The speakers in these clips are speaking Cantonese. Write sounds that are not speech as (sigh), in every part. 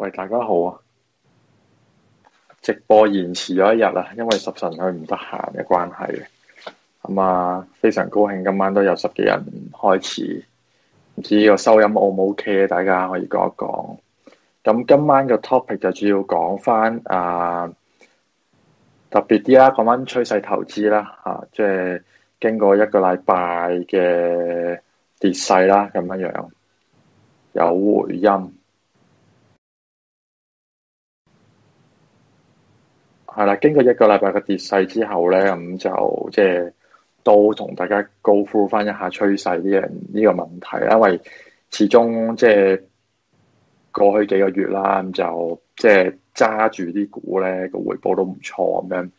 喂，大家好啊！直播延遲咗一日啊，因為十神佢唔得閒嘅關係，咁啊非常高興今晚都有十幾人開始，唔知個收音 O 唔 O K 咧？大家可以講一講。咁今晚個 topic 就主要講翻啊特別啲啦，講翻趨勢投資啦，吓、啊、即係經過一個禮拜嘅跌勢啦，咁樣樣有回音。係啦，經過一個禮拜嘅跌勢之後咧，咁、嗯、就即係都同大家 go through 翻一下趨勢呢樣呢個問題，因為始終即係過去幾個月啦，咁、嗯、就即係揸住啲股咧，個回報都唔錯咁樣、嗯，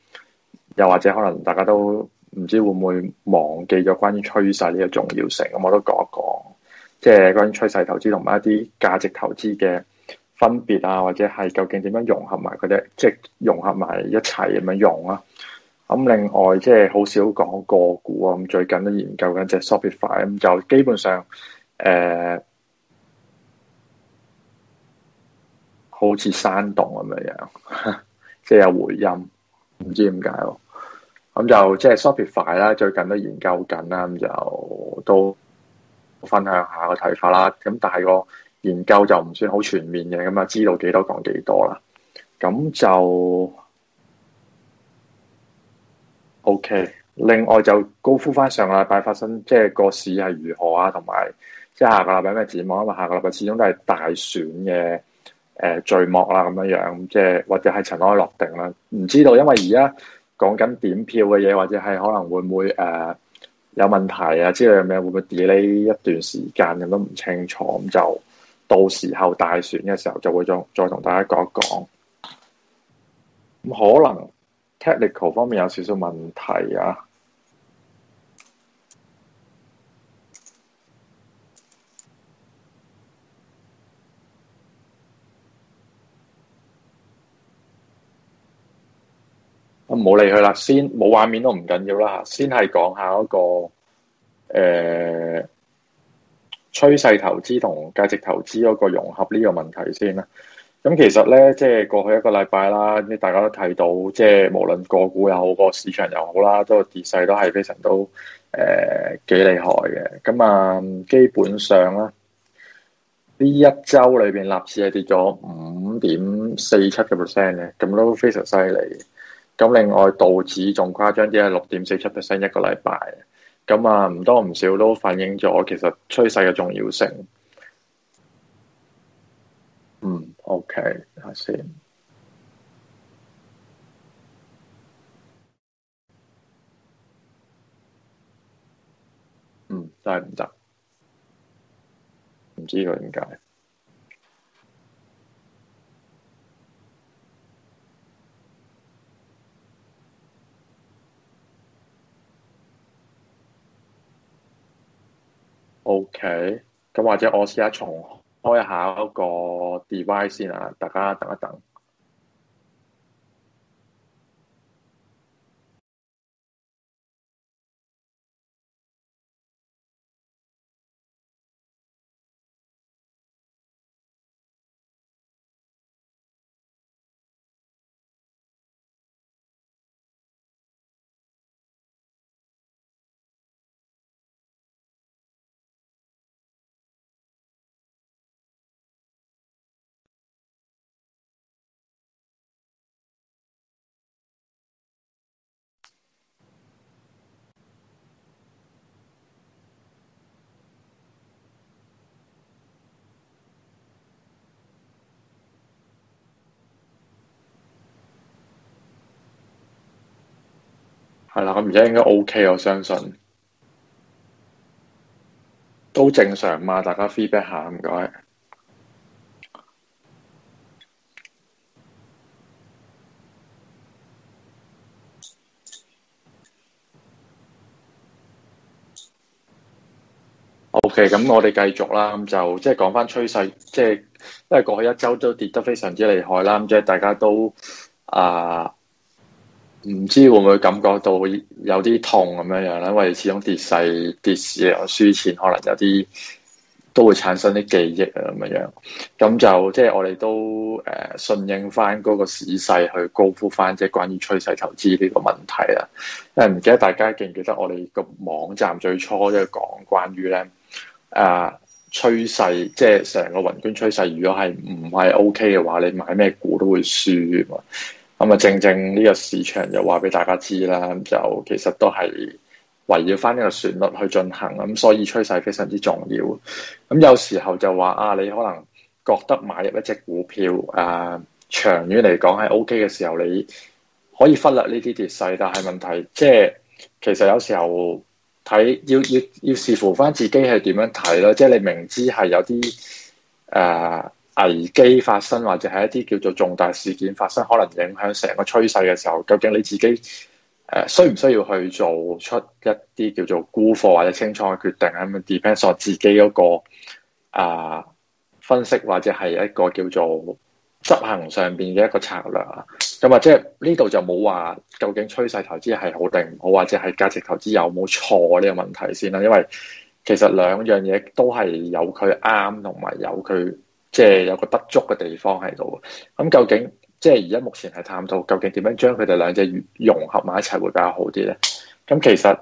又或者可能大家都唔知會唔會忘記咗關於趨勢呢個重要性。咁、嗯、我都講一講，即係關於趨勢投資同埋一啲價值投資嘅。分別啊，或者係究竟點樣融合埋佢哋？即係融合埋一齊咁樣用啊。咁另外即係好少講個股啊。咁最近都研究緊隻 Shopify 咁就基本上誒、呃、好似山洞咁樣樣，即係有回音，唔知點解咯。咁、嗯、就即係 Shopify 啦，最近都研究緊啦，咁、嗯、就都分享下個睇法啦。咁但係個。研究就唔算好全面嘅，咁啊，知道幾多講幾多啦。咁就 OK。另外就高呼翻上個禮拜發生，即係個市係如何啊，同埋即係下個禮拜咩展望啊。因為下個禮拜始終都係大選嘅誒序幕啦，咁樣樣即係或者係塵埃落定啦。唔知道，因為而家講緊點票嘅嘢，或者係可能會唔會誒、呃、有問題啊之類嘅咩，會唔會 delay 一段時間，咁都唔清楚咁就。到時候大選嘅時候就會再再同大家講一講，咁可能 technical 方面有少少問題啊。咁唔好理佢啦，先冇畫面都唔緊要啦嚇，先係講下一個誒。欸趨勢投資同價值投資嗰個融合呢個問題先啦。咁其實呢，即係過去一個禮拜啦，大家都睇到，即係無論個股又好，個市場又好啦，都跌勢都係非常都誒幾厲害嘅。咁啊，基本上咧，呢一周裏邊納市係跌咗五點四七個 percent 嘅，咁都非常犀利。咁另外道指仲誇張啲，係六點四七 percent 一個禮拜。咁啊，唔多唔少都反映咗其實趨勢嘅重要性。嗯，OK，下先。嗯，真係唔得，唔知佢點解。OK，咁或者我試下重開一下個 device 先啊，大家等一等。係啦，咁而家應該 OK，我相信都正常嘛。大家 feedback 下唔該。OK，咁我哋繼續啦，咁就即係講翻趨勢，即係因為過去一周都跌得非常之厲害啦，咁即係大家都啊。呃唔知會唔會感覺到有啲痛咁樣樣咧？因為始終跌勢跌市，有輸錢，可能有啲都會產生啲記憶啊咁樣。咁就即係我哋都誒順應翻嗰個市勢去高呼翻，即係關於趨勢投資呢個問題啦。誒，唔記得大家記唔記得我哋個網站最初都講關於咧誒趨勢，即係成個平均趨勢，如果係唔係 OK 嘅話，你買咩股都會輸。咁啊，正正呢個市場就話俾大家知啦，咁就其實都係圍繞翻呢個旋律去進行，咁所以趨勢非常之重要。咁有時候就話啊，你可能覺得買入一隻股票啊，長遠嚟講係 OK 嘅時候，你可以忽略呢啲跌勢，但係問題即係，其實有時候睇要要要視乎翻自己係點樣睇咯，即係你明知係有啲誒。啊危機發生或者係一啲叫做重大事件發生，可能影響成個趨勢嘅時候，究竟你自己、呃、需唔需要去做出一啲叫做沽貨或者清倉嘅決定？咁啊，depends on 自己嗰、那個啊、呃、分析或者係一個叫做執行上邊嘅一個策略啊。咁、嗯、或者呢度就冇話究竟趨勢投資係好定唔好，或者係價值投資有冇錯呢個問題先啦。因為其實兩樣嘢都係有佢啱同埋有佢。即係有個不足嘅地方喺度，咁究竟即係而家目前係探討究竟點樣將佢哋兩隻融合埋一齊會比較好啲呢？咁其實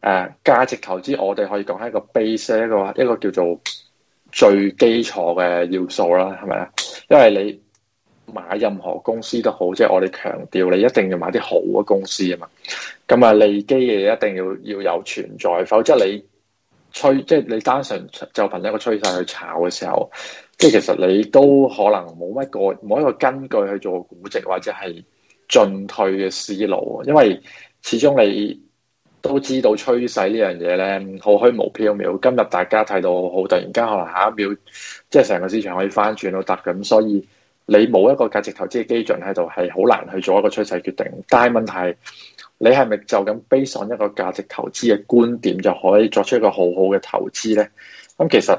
誒價值投資，我哋可以講係一,一個 base，一個一個叫做最基礎嘅要素啦，係咪啊？因為你買任何公司都好，即係我哋強調你一定要買啲好嘅公司啊嘛。咁啊利基嘅嘢一定要要有存在，否則你。趨即係你單純就憑一個趨勢去炒嘅時候，即係其實你都可能冇乜個冇一個根據去做估值或者係進退嘅思路，因為始終你都知道趨勢呢樣嘢呢，好虛無縹緲，今日大家睇到好突然間可能下一秒即係成個市場可以翻轉到突咁，所以你冇一個價值投資嘅基準喺度，係好難去做一個趨勢決定。但係問題你係咪就咁 based on 一個價值投資嘅觀點就可以作出一個好好嘅投資呢？咁、嗯、其實誒，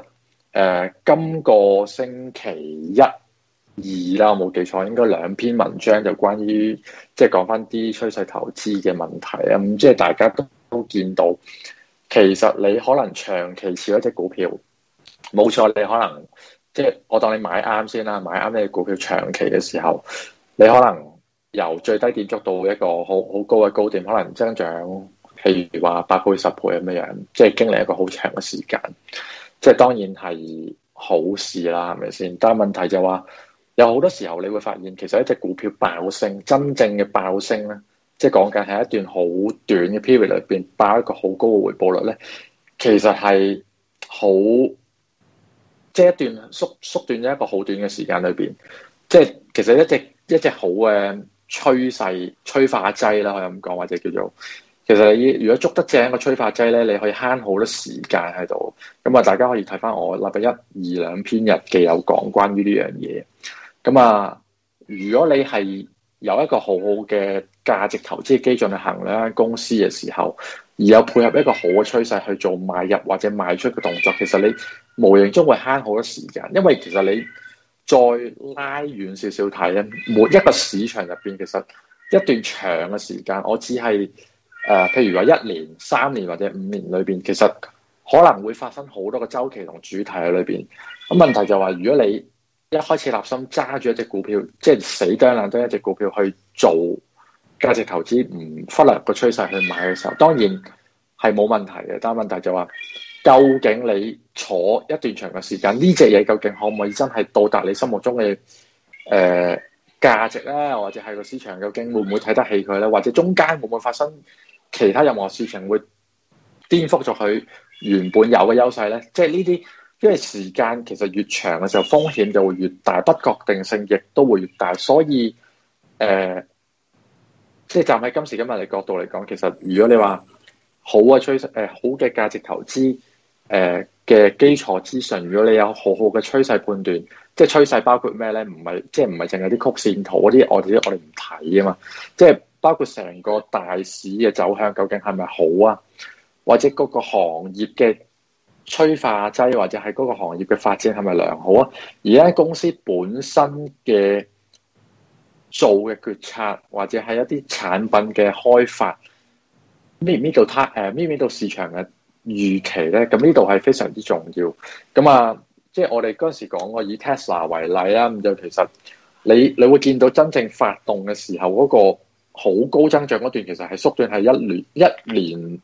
今、呃這個星期一二啦，我冇記錯，應該兩篇文章就關於即係講翻啲趨勢投資嘅問題啊。咁、嗯、即係大家都見到，其實你可能長期持一隻股票，冇錯，你可能即係我當你買啱先啦，買啱你股票長期嘅時候，你可能。由最低點捉到一個好好高嘅高點，可能增長譬如話八倍、十倍咁樣樣，即係經歷一個好長嘅時間，即係當然係好事啦，係咪先？但係問題就係話，有好多時候你會發現，其實一隻股票爆升，真正嘅爆升咧，即係講緊係一段好短嘅 period 裏邊，爆一個好高嘅回報率咧，其實係好即係一段縮縮短咗一個好短嘅時間裏邊，即係其實一隻一隻好嘅。趨勢催化劑啦，可以咁講，或者叫做其實你，如果捉得正個催化劑咧，你可以慳好多時間喺度。咁啊，大家可以睇翻我禮拜一、二兩篇日記有講關於呢樣嘢。咁啊，如果你係有一個好好嘅價值投資嘅基準去衡量間公司嘅時候，而有配合一個好嘅趨勢去做買入或者賣出嘅動作，其實你無形中會慳好多時間，因為其實你。再拉遠少少睇咧，每一個市場入邊，其實一段長嘅時間，我只係、呃、譬如話一年、三年或者五年裏邊，其實可能會發生好多個周期同主題喺裏邊。咁問題就話，如果你一開始立心揸住一隻股票，即係死盯爛盯一隻股票去做價值投資，唔忽略個趨勢去買嘅時候，當然係冇問題嘅。但係問題就話。究竟你坐一段長嘅時間，呢隻嘢究竟可唔可以真係到達你心目中嘅誒價值咧？或者係個市場究竟會唔會睇得起佢咧？或者中間會唔會發生其他任何事情會顛覆咗佢原本有嘅優勢咧？即係呢啲，因為時間其實越長嘅時候，風險就會越大，不確定性亦都會越大。所以誒，即係站喺今時今日嘅角度嚟講，其實如果你話好嘅趨勢，誒好嘅價值投資。誒嘅、呃、基礎資訊，如果你有好好嘅趨勢判斷，即係趨勢包括咩咧？唔係即係唔係淨係啲曲線圖嗰啲，我哋我哋唔睇啊嘛。即係包括成個大市嘅走向究竟係咪好啊？或者嗰個行業嘅催化劑，或者係嗰個行業嘅發展係咪良好啊？而家公司本身嘅做嘅決策，或者係一啲產品嘅開發，咩咩到？他誒咩咩到市場嘅？預期咧，咁呢度係非常之重要。咁啊，即係我哋嗰陣時講過，以 Tesla 為例啦，啊，咁就其實你你會見到真正發動嘅時候嗰個好高增長嗰段，其實係縮短係一年一年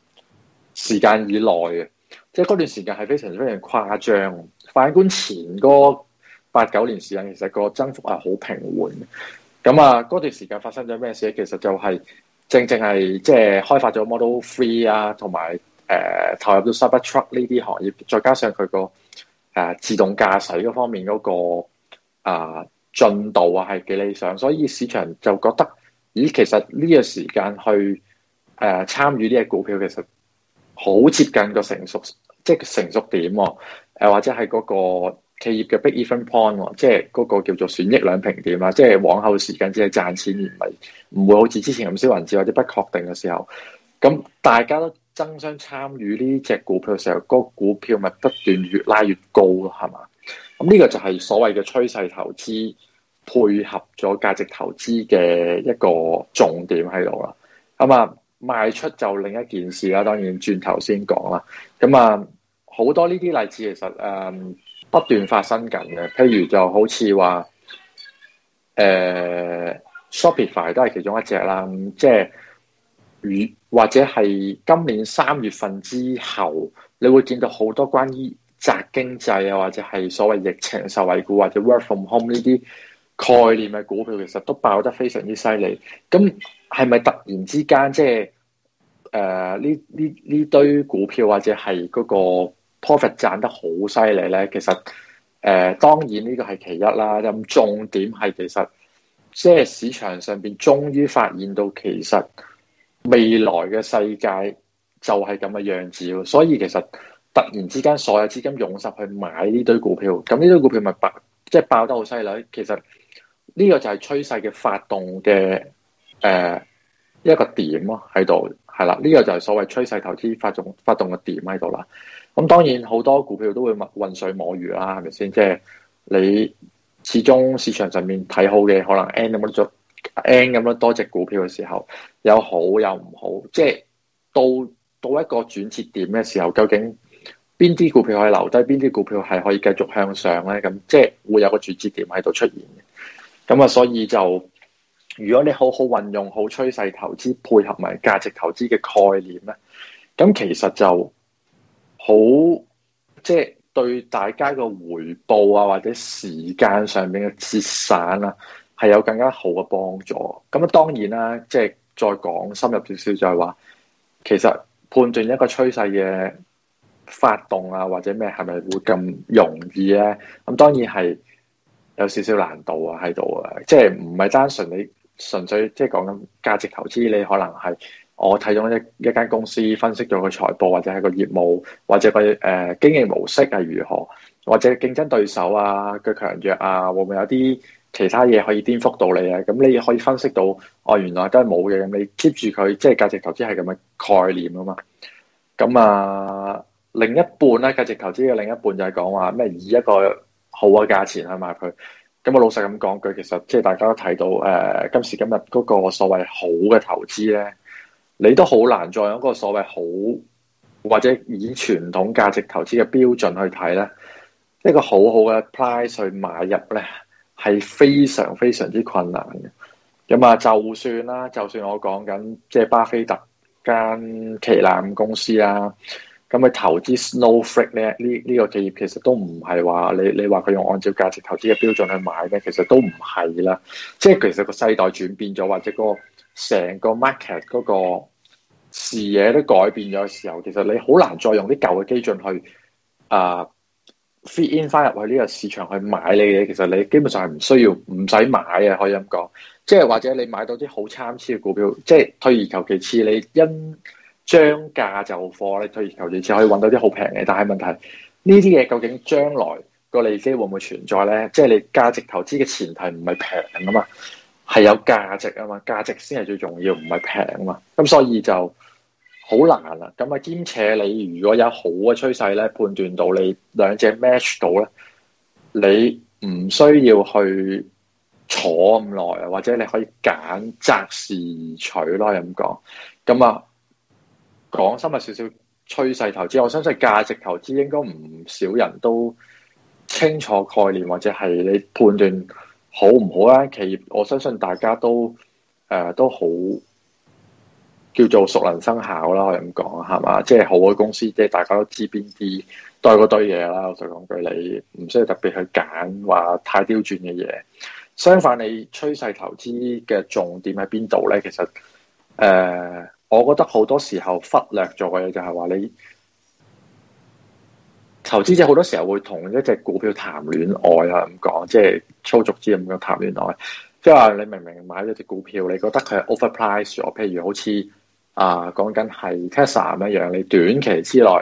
時間以內嘅，即係嗰段時間係非常非常誇張。反觀前嗰八九年時間，其實個增幅係好平緩嘅。咁啊，嗰段時間發生咗咩事咧？其實就係正正係即係開發咗 Model Three 啊，同埋。誒、呃，投入到 s u b e r truck 呢啲行業，再加上佢個誒自動駕駛嗰方面嗰、那個啊進、呃、度啊，係幾理想，所以市場就覺得咦，其實呢個時間去誒參與呢隻股票，其實好接近個成熟，即係成熟點誒、啊，或者係嗰個企業嘅 break even t point，、啊、即係嗰個叫做損益兩平點啊，即係往後時間只係賺錢而唔係唔會好似之前咁少人知或者不確定嘅時候，咁大家都。爭相參與呢隻股票嘅時候，嗰、嗰個股票咪不斷越拉越高咯，係嘛？咁呢個就係所謂嘅趨勢投資配合咗價值投資嘅一個重點喺度啦。咁啊，賣出就另一件事啦。當然轉頭先講啦。咁啊，好多呢啲例子其實誒、嗯、不斷發生緊嘅。譬如就好似話，誒、呃、Shopify 都係其中一隻啦、嗯。即係。或者係今年三月份之後，你會見到好多關於宅經濟啊，或者係所謂疫情受惠股，或者 Work From Home 呢啲概念嘅股票，其實都爆得非常之犀利。咁係咪突然之間即係誒呢呢呢堆股票或者係嗰個 profit 賺得好犀利咧？其實誒、呃、當然呢個係其一啦。咁重點係其實即係、就是、市場上邊終於發現到其實。未來嘅世界就係咁嘅樣子，所以其實突然之間所有資金湧入去買呢堆股票，咁呢堆股票咪爆，即係爆得好犀利。其實呢個就係趨勢嘅發動嘅誒一個點咯喺度，係啦，呢個就係所謂趨勢投資發動發動嘅點喺度啦。咁當然好多股票都會物渾水摸魚啦，係咪先？即係你始終市場上面睇好嘅，可能 n d n 咁多隻股票嘅時候，有好有唔好，即係到到一個轉折點嘅時候，究竟邊啲股票可以留低，邊啲股票係可以繼續向上咧？咁即係會有個轉折點喺度出現嘅。咁啊，所以就如果你好好運用好趨勢投資，配合埋價值投資嘅概念咧，咁其實就好，即係對大家個回報啊，或者時間上面嘅節省啊。係有更加好嘅幫助，咁啊當然啦，即係再講深入少少就係話，其實判斷一個趨勢嘅發動啊，或者咩係咪會咁容易咧，啊？咁當然係有少少難度啊喺度啊，即係唔係單純你純粹即係講緊價值投資，你可能係我睇到一一間公司分析咗個財報，或者係個業務，或者佢誒、呃、經營模式係如何，或者競爭對手啊嘅強弱啊，會唔會有啲？其他嘢可以顛覆到你啊！咁你可以分析到哦，原來都係冇嘅。咁你 keep 住佢，即係價值投資係咁嘅概念啊嘛。咁啊，另一半咧，價值投資嘅另一半就係講話咩？以一個好嘅價錢去買佢。咁我老實咁講句，其實即係大家都睇到誒、呃，今時今日嗰個所謂好嘅投資咧，你都好難再用嗰個所謂好，或者以傳統價值投資嘅標準去睇咧，一個好好嘅 price 去買入咧。係非常非常之困難嘅，咁啊，就算啦，就算我講緊即係巴菲特間旗艦公司啦，咁佢投資 Snowflake 咧，呢、呢、呢、個呢個企業其實都唔係話你，你話佢用按照價值投資嘅標準去買咧，其實都唔係啦。即係其實個世代轉變咗，或者，嗰個成個 market 嗰個視野都改變咗嘅時候，其實你好難再用啲舊嘅基準去啊。呃 feed in 翻入去呢個市場去買你嘅，其實你基本上係唔需要唔使買嘅，可以咁講。即係或者你買到啲好參差嘅股票，即係退而求其次，你因將價就貨，你退而求其次可以揾到啲好平嘅。但係問題呢啲嘢究竟將來個利基會唔會存在呢？即係你價值投資嘅前提唔係平啊嘛，係有價值啊嘛，價值先係最重要，唔係平啊嘛。咁所以就。好難啦、啊，咁啊，兼且你如果有好嘅趨勢咧，判斷到你兩隻 match 到咧，你唔需要去坐咁耐啊，或者你可以揀擇時取咯，咁講，咁啊，講深入少少趨勢投資，我相信價值投資應該唔少人都清楚概念，或者係你判斷好唔好咧、啊，企業，我相信大家都誒、呃、都好。叫做熟能生巧啦，可以咁講，係嘛？即係好嘅公司，即係大家都知邊啲，都係嗰堆嘢啦。我就講句，你唔需要特別去揀，話太刁鑽嘅嘢。相反，你趨勢投資嘅重點喺邊度咧？其實，誒、呃，我覺得好多時候忽略咗嘅嘢就係話，你投資者好多時候會同一隻股票談戀愛啊，咁講，即係粗俗之咁樣談戀愛。即係話你明明買咗隻股票，你覺得佢係 overpriced，我譬如好似。啊，講緊係 Tesla 咁樣你短期之內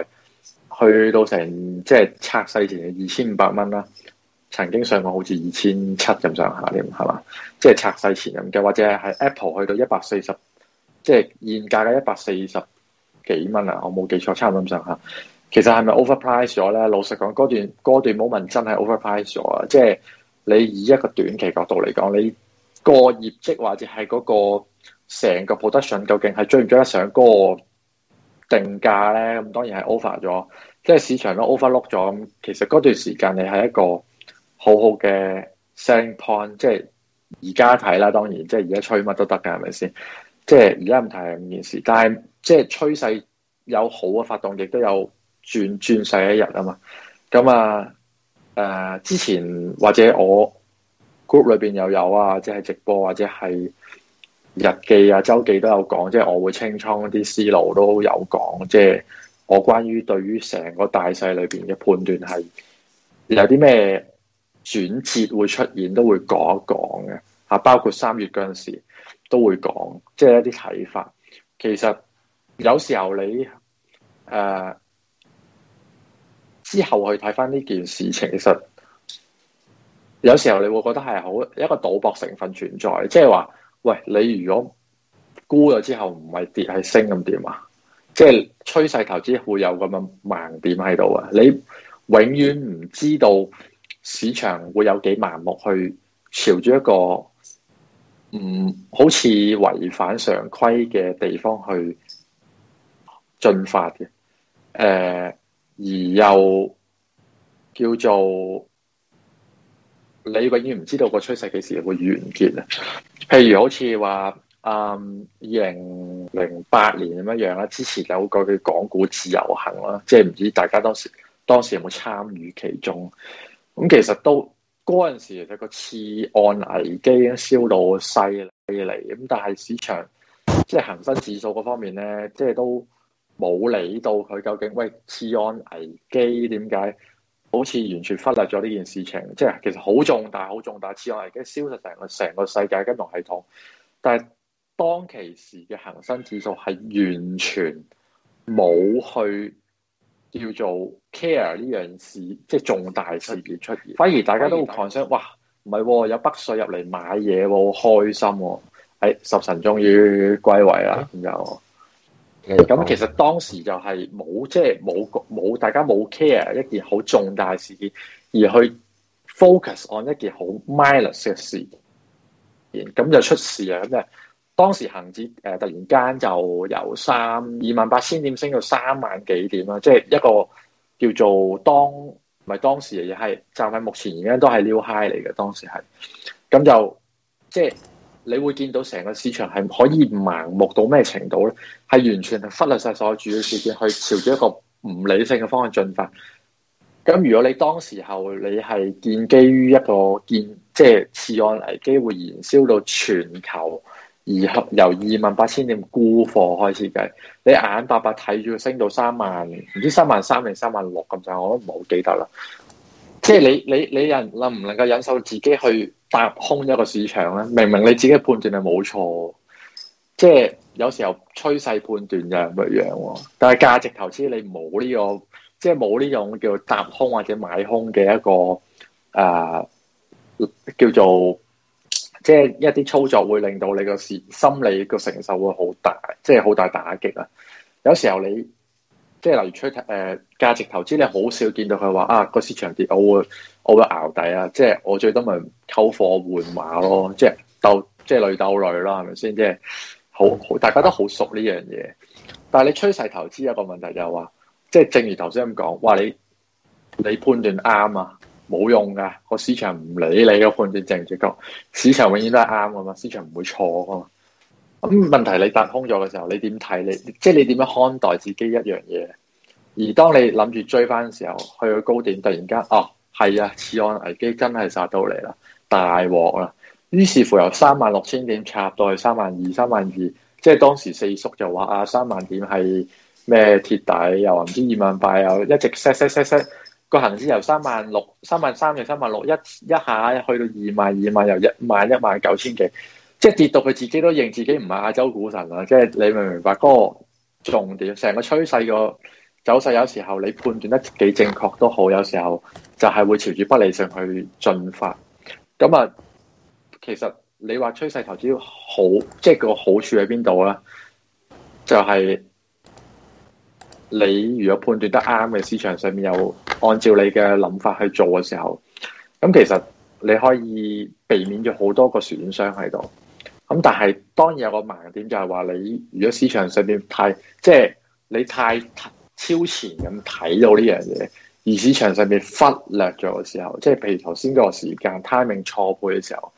去到成即係拆細前二千五百蚊啦，曾經上過好似二千七咁上下添，係嘛？即係拆細前咁嘅，或者係 Apple 去到一百四十，即係現價嘅一百四十幾蚊啊，我冇記錯，差唔多咁上下。其實係咪 overprice 咗咧？老實講，嗰段嗰段 moment 真係 overprice 咗啊！即係你以一個短期角度嚟講，你個業績或者係嗰個。成個 production 究竟係追唔追得上嗰個定價咧？咁當然係 over 咗，即係市場都 over look 咗。咁其實嗰段時間你係一個好好嘅 selling point，即係而家睇啦。當然，即係而家吹乜都得噶，係咪先？即係而家唔係五件事，但係即係趨勢有好嘅發動，亦都有轉轉勢一日啊嘛。咁啊，誒、呃，之前或者我 group 裏邊又有啊，即係直播或者係。日記啊，周記都有講，即係我會清倉啲思路都有講，即係我關於對於成個大勢裏邊嘅判斷係有啲咩轉折會出現，都會講一講嘅吓，包括三月嗰陣時都會講，即係一啲睇法。其實有時候你誒、呃、之後去睇翻呢件事情，其實有時候你會覺得係好一個賭博成分存在，即係話。喂，你如果沽咗之後唔係跌係升咁點啊？即係趨勢投資會有咁樣盲點喺度啊？你永遠唔知道市場會有幾盲目去朝住一個唔好似違反常規嘅地方去進發嘅，誒、呃，而又叫做。你永遠唔知道個趨勢幾時會完結啊！譬如好似話，嗯，二零零八年咁樣樣啦，之前有個叫港股自由行啦，即係唔知大家當時當時有冇參與其中？咁、嗯、其實都嗰陣時，其實個次按危機都燒到犀利。咁但係市場即係恒生指數嗰方面咧，即係都冇理到佢究竟喂次按危機點解？好似完全忽略咗呢件事情，即係其實好重大、好重大，似我而家消失成個成個世界金融系統。但係當其時嘅恒生指數係完全冇去叫做 care 呢樣事，即係重大事件出現，出現反而大家都會狂升。哇，唔係、啊、有北水入嚟買嘢、啊，好開心喎、啊！誒、哎，十神終於歸位啦，咁就、嗯。咁其實當時就係冇即係冇冇大家冇 care 一件好重大事件，而去 focus on 一件好 minus 嘅事，咁就出事啦！咁啊，當時恒指誒突然間就由三二萬八千點升到三萬幾點啦，即係一個叫做當唔係當時嘅嘢係就係目前而家都係 new high 嚟嘅，當時係咁就即係。你會見到成個市場係可以盲目到咩程度咧？係完全係忽略晒所有主要事件，去朝住一個唔理性嘅方向進發。咁如果你當時候你係建基於一個建即係次按危機會燃燒到全球，而合由二萬八千點沽貨開始計，你眼眼白白睇住佢升到三萬，唔知三萬三定三萬六咁就，我都唔好記得啦。即係你你你人能唔能夠忍受自己去？踏空一個市場咧，明明你自己嘅判斷係冇錯，即係有時候趨勢判斷就唔一樣喎。但係價值投資你冇呢、這個，即係冇呢種叫做踏空或者買空嘅一個誒、呃、叫做，即係一啲操作會令到你個事心理個承受會好大，即係好大打擊啊！有時候你。即係例如趨勢誒價值投資你好少見到佢話啊個市場跌，我會我會淆底啊！即係我最多咪溝貨換馬咯，即係鬥即係累鬥累啦，係咪先？即係好，好大家都好熟呢樣嘢。但係你趨勢投資有一個問題就係話，即係正如頭先咁講，話你你判斷啱啊，冇用噶，個市場唔理你個判斷正唔正確，市場永遠都係啱噶嘛，市場唔會錯噶嘛。咁問題你踏空咗嘅時候，你點睇？就是、你即係你點樣看待自己一樣嘢？而當你諗住追翻嘅時候，去到高點，突然間，哦，係啊，次按危機真係殺到嚟啦，大鑊啦。於是乎由三萬六千點插到去三萬二、三萬二，即係當時四叔就話啊，三萬點係咩鐵底，又唔知二萬塊，又一直 set set set set 個行先由三萬六、三萬三至三萬六一一下去到二萬、二萬，又一萬、一萬九千幾。即係跌到佢自己都認自己唔係亞洲股神啦，即係你明唔明白？嗰個重點，成個趨勢個走勢，有時候你判斷得幾正確都好，有時候就係會朝住不理性去進發。咁啊，其實你話趨勢投資好，即係個好處喺邊度咧？就係你如果判斷得啱嘅市場上面，有按照你嘅諗法去做嘅時候，咁其實你可以避免咗好多個損傷喺度。咁但係當然有個盲點，就係話你如果市場上面太即係、就是、你太超前咁睇到呢樣嘢，而市場上面忽略咗嘅時候，即、就、係、是、譬如頭先嗰個時間 timing 錯配嘅時候，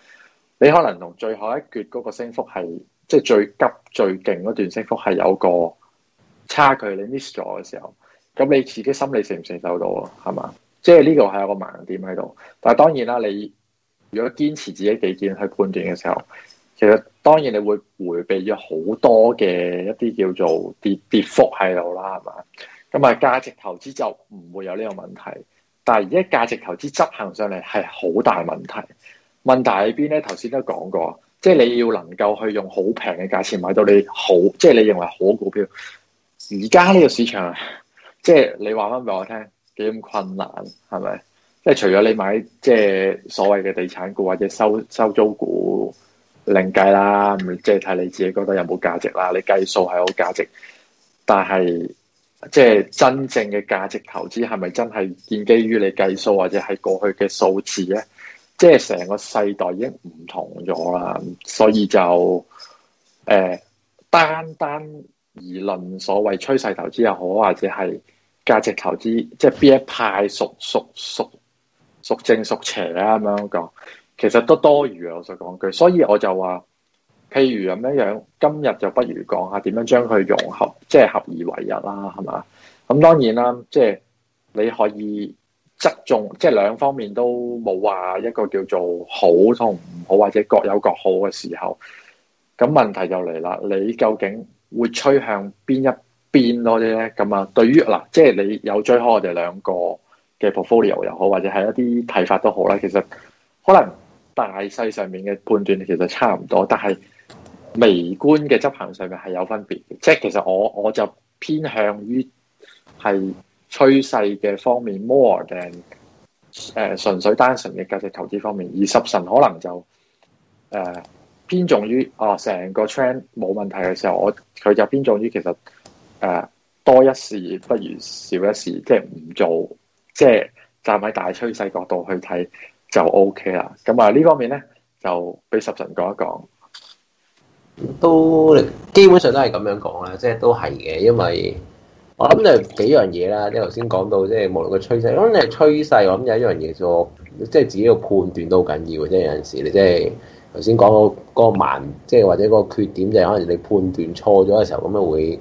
你可能同最後一撅嗰個升幅係即係最急最勁嗰段升幅係有個差距，你 miss 咗嘅時候，咁你自己心理承唔承受到啊？係嘛？即係呢個係有個盲點喺度。但係當然啦，你如果堅持自己己見去判斷嘅時候，其實當然你會回避咗好多嘅一啲叫做跌跌幅喺度啦，係嘛咁啊？價值投資就唔會有呢個問題，但係而家價值投資執行上嚟係好大問題。問題喺邊咧？頭先都講過，即係你要能夠去用好平嘅價錢買到你好，即係你認為好股票。而家呢個市場，即係你話翻俾我聽幾咁困難，係咪？即係除咗你買即係所謂嘅地產股或者收收租股。另計啦，咁即係睇你自己覺得有冇價值啦。你計數係好價值，但係即係真正嘅價值投資係咪真係建基於你計數或者係過去嘅數字咧？即係成個世代已經唔同咗啦，所以就誒、呃、單單而論所謂趨勢投資又好，或者係價值投資，即係邊一派屬屬屬屬正屬邪啊？咁樣講。其實都多餘啊，我再講句，所以我就話，譬如咁樣樣，今日就不如講下點樣將佢融合，即係合二為一啦，係嘛？咁當然啦，即係你可以側重，即係兩方面都冇話一個叫做好同唔好，或者各有各好嘅時候。咁問題就嚟啦，你究竟會吹向邊一邊多啲咧？咁啊，對於嗱，即係你有追開我哋兩個嘅 portfolio 又好，或者係一啲睇法都好啦，其實可能。大勢上面嘅判斷其實差唔多，但係微觀嘅執行上面係有分別嘅。即係其實我我就偏向於係趨勢嘅方面，more than 誒、呃、純粹單純嘅價值投資方面。而十神可能就誒偏、呃、重於啊成個 trend 冇問題嘅時候，我佢就偏重於其實誒、呃、多一事不如少一事，即係唔做，即係站喺大趨勢角度去睇。就 OK 啦，咁啊呢方面咧，就俾十神講一講，都基本上都係咁樣講啦，即係都係嘅，因為我諗就幾樣嘢啦，即係頭先講到，即係無論個趨勢，咁你係趨勢，我諗有一樣嘢就即係自己個判斷都好緊要嘅，即係有陣時你即係頭先講個嗰個慢，即係或者個缺點就係可能你判斷錯咗嘅時候，咁啊會，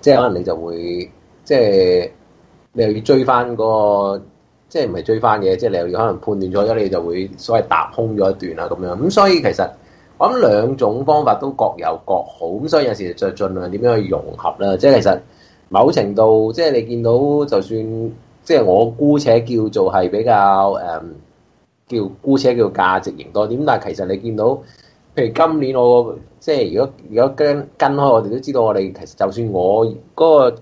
即係可能你就會即係你又要追翻嗰個。即係唔係追翻嘅，即係你可能判斷咗，咗，你就會所謂踏空咗一段啦咁樣。咁所以其實我諗兩種方法都各有各好，咁所以有時就儘量點樣去融合啦。即係其實某程度，即係你見到就算，即係我姑且叫做係比較誒、呃，叫姑且叫做價值型多點。但係其實你見到，譬如今年我即係如果如果跟跟開，我哋都知道我哋其實就算我嗰、嗰個。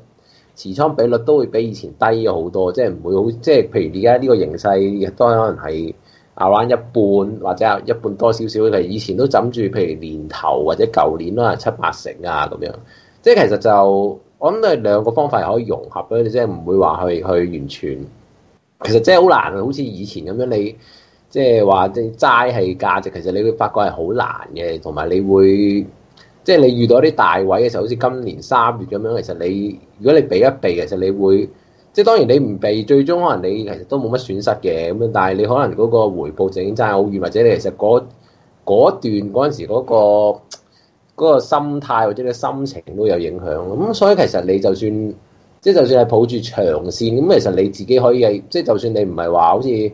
持倉比率都會比以前低好多，即係唔會好，即係譬如而家呢個形勢都可能係 around 一半或者一半多少少，係以前都枕住譬如年頭或者舊年啦七八成啊咁樣。即係其實就我諗係兩個方法可以融合，你即係唔會話去去完全。其實真係好難，好似以前咁樣，你即係話即係齋係價值，其實你會發覺係好難嘅，同埋你會。即係你遇到啲大位嘅時候，好似今年三月咁樣，其實你如果你避一避，其實你會，即係當然你唔避，最終可能你其實都冇乜損失嘅咁樣，但係你可能嗰個回報整經真係好遠，或者你其實嗰段嗰陣時嗰個嗰個心態或者你心情都有影響咯。咁所以其實你就算即係就算係抱住長線咁，其實你自己可以係即係就算你唔係話好似。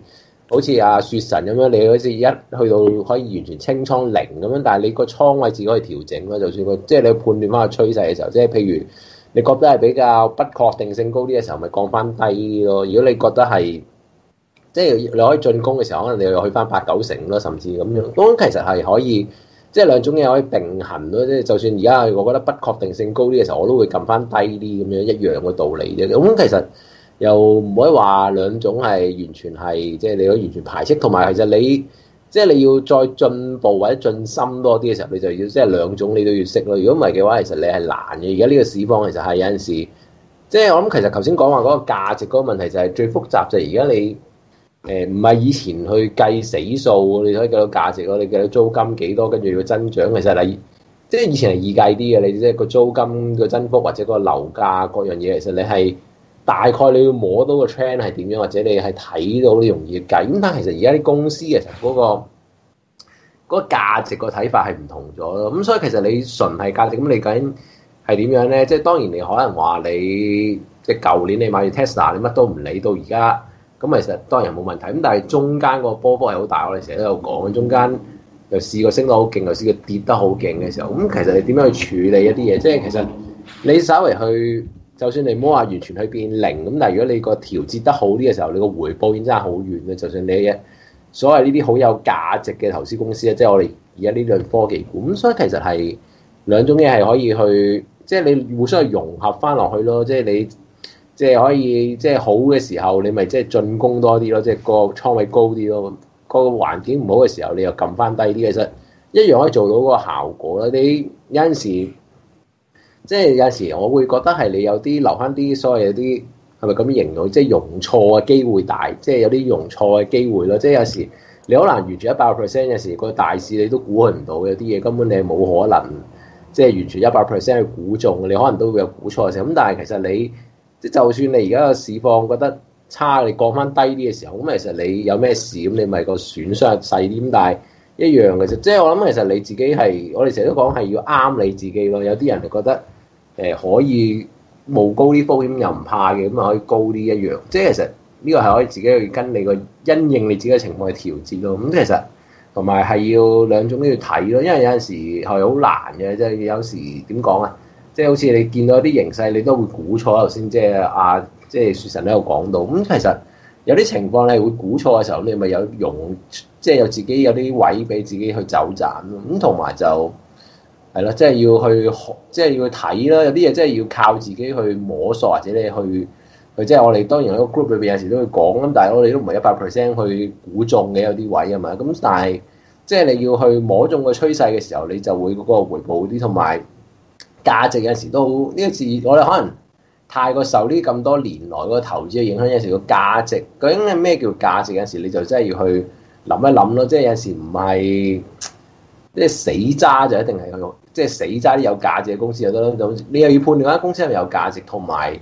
好似阿雪神咁樣，你好似一去到可以完全清倉零咁樣，但係你個倉位自己可以調整咯。就算佢，即係你判斷翻個趨勢嘅時候，即係譬如你覺得係比較不確定性高啲嘅時候，咪降翻低啲咯。如果你覺得係即係你可以進攻嘅時候，可能你又去翻八九成咯，甚至咁樣。咁其實係可以即係、就是、兩種嘢可以並行咯。即係就算而家我覺得不確定性高啲嘅時候，我都會撳翻低啲咁樣一樣嘅道理啫。咁其實。又唔可以話兩種係完全係，即係你可以完全排斥。同埋其實你即係你要再進步或者進深多啲嘅時候，你就要即係兩種你都要識咯。如果唔係嘅話，其實你係難嘅。而家呢個市況其實係有陣時，即係我諗其實頭先講話嗰個價值嗰個問題就係最複雜就係而家你誒唔係以前去計死數，你可以計到價值你計到租金幾多跟住要增長，其實你即係以前係易計啲嘅。你即係個租金個增幅或者嗰個樓價各樣嘢，其實你係。大概你要摸到個 trend 係點樣，或者你係睇到容易計。咁但係其實而家啲公司其實嗰、嗰個嗰、嗰個、價值個睇法係唔同咗咯。咁所以其實你純係價值，咁你究竟係點樣咧？即係當然你可能話你即係舊年你買咗 Tesla，你乜都唔理到而家。咁咪其實當然冇問題。咁但係中間個波波係好大，我哋成日都有講。中間又試過升得好勁，又試過跌得好勁嘅時候。咁其實你點樣去處理一啲嘢？即係其實你稍為去。就算你冇話完全去變零，咁但係如果你個調節得好啲嘅時候，你個回報已經真係好遠啦。就算你嘅所謂呢啲好有價值嘅投資公司咧，即係我哋而家呢類科技股，咁所以其實係兩種嘢係可以去，即係你互相去融合翻落去咯。即係你，即係可以，即係好嘅時候你咪即係進攻多啲咯，即係個倉位高啲咯。個環境唔好嘅時候你又撳翻低啲，其實一樣可以做到嗰個效果啦。你有陣時。即係有時，我會覺得係你有啲留翻啲，所謂有啲係咪咁樣形容？即係容錯嘅機會大，即係有啲容錯嘅機會咯。即係有時你可能完全一百 percent 有時個大市你都估佢唔到嘅，啲嘢根本你係冇可能即係完全一百 percent 去估中，你可能都會有估錯嘅時候。咁但係其實你即就算你而家個市況覺得差，你降翻低啲嘅時候，咁其實你有咩事咁你咪個損失係細啲，但係一樣嘅。實即係我諗其實你自己係我哋成日都講係要啱你自己咯。有啲人就覺得，誒可以冒高啲風險又唔怕嘅，咁啊可以高啲一樣。即係其實呢個係可以自己去跟你個因應你自己嘅情況去調節咯。咁、嗯、其實同埋係要兩種都要睇咯，因為有陣時係好難嘅，即係有時點講啊？即係好似你見到啲形勢，你都會估錯。頭先。即係阿、啊、即係雪神都有講到。咁、嗯、其實有啲情況你會估錯嘅時候，你咪有用，即係有自己有啲位俾自己去走賺咯。咁同埋就。係啦，即係要去學，即係要去睇啦。有啲嘢真係要靠自己去摸索，或者你去去即係我哋當然喺個 group 裏邊有時都會講咁，但係我哋都唔係一百 percent 去估中嘅有啲位啊嘛。咁但係即係你要去摸中個趨勢嘅時候，你就會嗰個回報啲，同埋價值有時都好呢個字。我哋可能太過受呢咁多年來嗰個投資嘅影響，有時個價值究竟咩叫價值？有時你就真係要去諗一諗咯。即係有時唔係。即係死揸就一定係有，即係死揸啲有價值嘅公司就得啦。咁你又要判斷間公司係咪有價值，同埋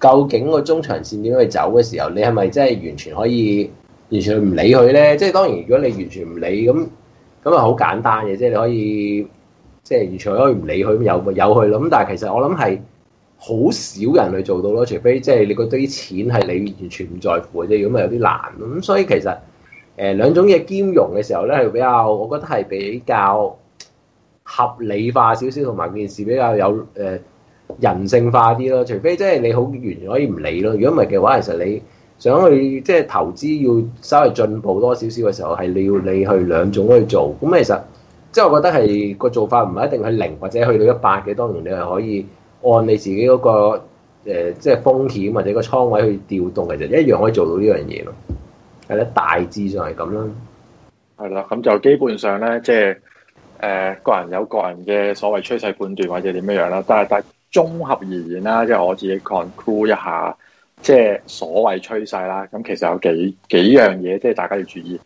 究竟個中長線點樣去走嘅時候，你係咪真係完全可以完全唔理佢咧？即係當然，如果你完全唔理咁，咁啊好簡單嘅，即係你可以即係完全可以唔理佢，有有去咯。咁但係其實我諗係好少人去做到咯，除非即係你嗰堆錢係你完全唔在乎嘅啫，如果咪有啲難。咁所以其實。誒兩種嘢兼容嘅時候咧，係比較，我覺得係比較合理化少少，同埋件事比較有誒、呃、人性化啲咯。除非即係你好完全可以唔理咯。如果唔係嘅話，其實你想去即係投資要稍為進步多少少嘅時候，係你要你去兩種去做。咁其實即係我覺得係、這個做法唔係一定係零或者去到一百嘅。當然你係可以按你自己嗰、那個、呃、即係風險或者個倉位去調動，嘅，就一樣可以做到呢樣嘢咯。係咧，大致上係咁啦。係啦，咁就基本上咧，即係誒，個人有個人嘅所謂趨勢判斷或者點樣樣啦。但係但係綜合而言啦，即係我自己 conclude 一下，即係所謂趨勢啦。咁其實有幾幾樣嘢，即係大家要注意。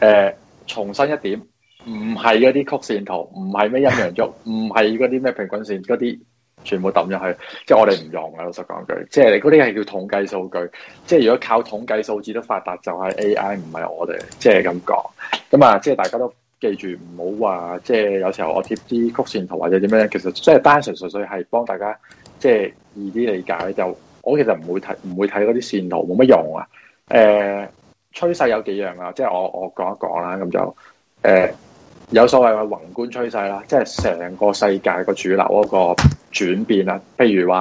誒，重新一點，唔係嗰啲曲線圖，唔係咩陰陽燭，唔係嗰啲咩平均線嗰啲。全部抌入去，即係我哋唔用嘅。老實講句，即係你嗰啲係叫統計數據，即係如果靠統計數字都發達就係 AI，唔係我哋，即係咁講，咁啊，即係大家都記住唔好話，即係有時候我貼啲曲線圖或者點樣咧，其實即係單純純粹係幫大家即係易啲理解，就我其實唔會睇，唔會睇嗰啲線圖，冇乜用啊。誒、呃，趨勢有幾樣啊，即係我我講一講啦，啊，咁就誒。呃有所謂嘅宏觀趨勢啦，即係成個世界個主流嗰個轉變啦。譬如話，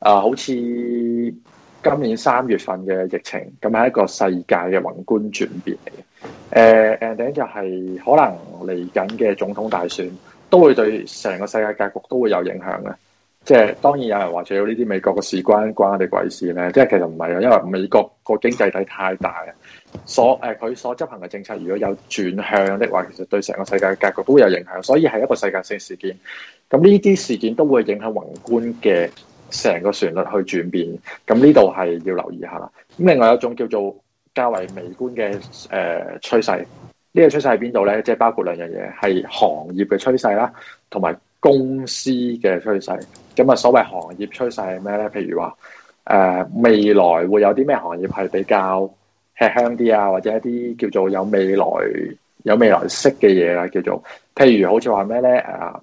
啊、呃，好似今年三月份嘅疫情，咁係一個世界嘅宏觀轉變嚟嘅。誒、呃、誒，第一就係可能嚟緊嘅總統大選都會對成個世界格局都會有影響嘅。即係當然有人話，仲有呢啲美國嘅事關關我哋鬼事咧。即係其實唔係啊，因為美國個經濟體太大啊。所誒，佢、呃、所執行嘅政策，如果有轉向的話，其實對成個世界嘅格局都會有影響，所以係一個世界性事件。咁呢啲事件都會影響宏觀嘅成個旋律去轉變。咁呢度係要留意下啦。咁另外有一種叫做較為微觀嘅誒趨勢，呃趨勢這個、趨勢呢個趨勢喺邊度咧？即係包括兩樣嘢，係行業嘅趨勢啦，同埋公司嘅趨勢。咁啊，所謂行業趨勢係咩咧？譬如話誒、呃、未來會有啲咩行業係比較？吃香啲啊，或者一啲叫做有未來、有未來式嘅嘢啦，叫做譬如好呢、呃、似話咩咧？啊，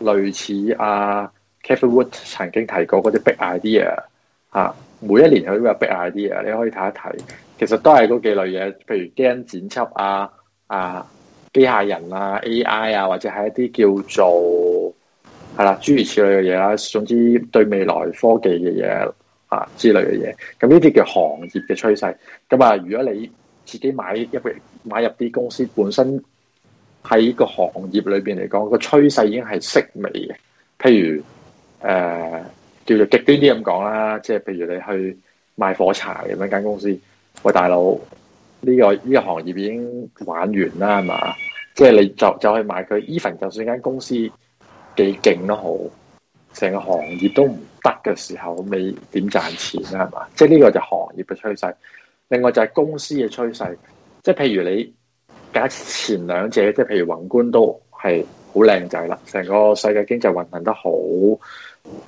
類似啊，Cathie Wood 曾經提過嗰啲 big idea 啊，每一年佢都有 big idea，你可以睇一睇。其實都係嗰幾類嘢，譬如基因剪輯啊、啊機械人啊、AI 啊，或者係一啲叫做係啦諸如此類嘅嘢啦。總之對未來科技嘅嘢。啊，之類嘅嘢，咁呢啲叫行業嘅趨勢。咁啊，如果你自己買一個，買入啲公司，本身喺個行業裏邊嚟講，個趨勢已經係式微嘅。譬如誒、呃，叫做極端啲咁講啦，即係譬如你去賣火柴咁樣間公司，喂，大佬，呢個呢個行業已經玩完啦，係嘛？即係你就就去買佢 even 就算間公司幾勁都好，成個行業都唔得嘅時候未點賺錢咧係嘛？即係呢個就行業嘅趨勢，另外就係公司嘅趨勢。即係譬如你假前兩者，即係譬如宏觀都係好靚仔啦，成個世界經濟運行得好，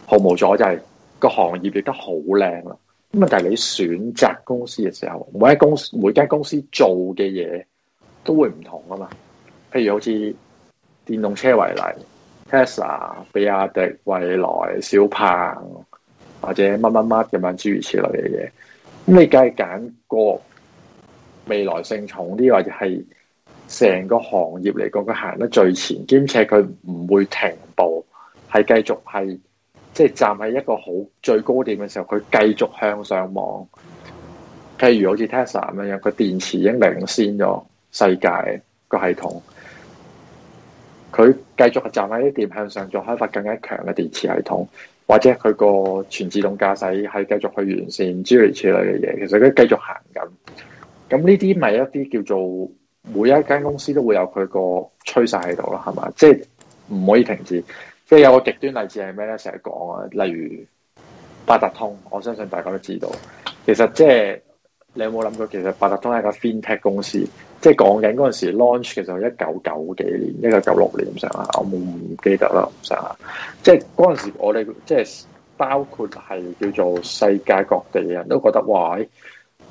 毫無阻滯，個行業亦都好靚啦。咁但係你選擇公司嘅時候，每一公司每間公司做嘅嘢都會唔同啊嘛。譬如好似電動車為例，Tesla、比亞迪、蔚來、小鵬或者乜乜乜咁樣諸如此類嘅嘢，咁你梗係揀個未來性重啲，或者係成個行業嚟講佢行得最前，兼且佢唔會停步，係繼續係即係站喺一個好最高點嘅時候，佢繼續向上望。譬如好似 Tesla 咁樣，佢電池已經領先咗世界個系統。佢繼續站喺啲點向上，再開發更加強嘅電池系統，或者佢個全自動駕駛係繼續去完善諸如此類嘅嘢。其實佢繼續行緊。咁呢啲咪一啲叫做每一間公司都會有佢個趨勢喺度咯，係嘛？即係唔可以停止。即係有個極端例子係咩咧？成日講啊，例如八達通，我相信大家都知道。其實即係你有冇諗過？其實八達通係個 FinTech 公司。即係講緊嗰陣時 launch，其實係一九九幾年，一九九六年咁上下，我冇唔記得啦，咁上下。即係嗰陣時我，我哋即係包括係叫做世界各地嘅人都覺得哇，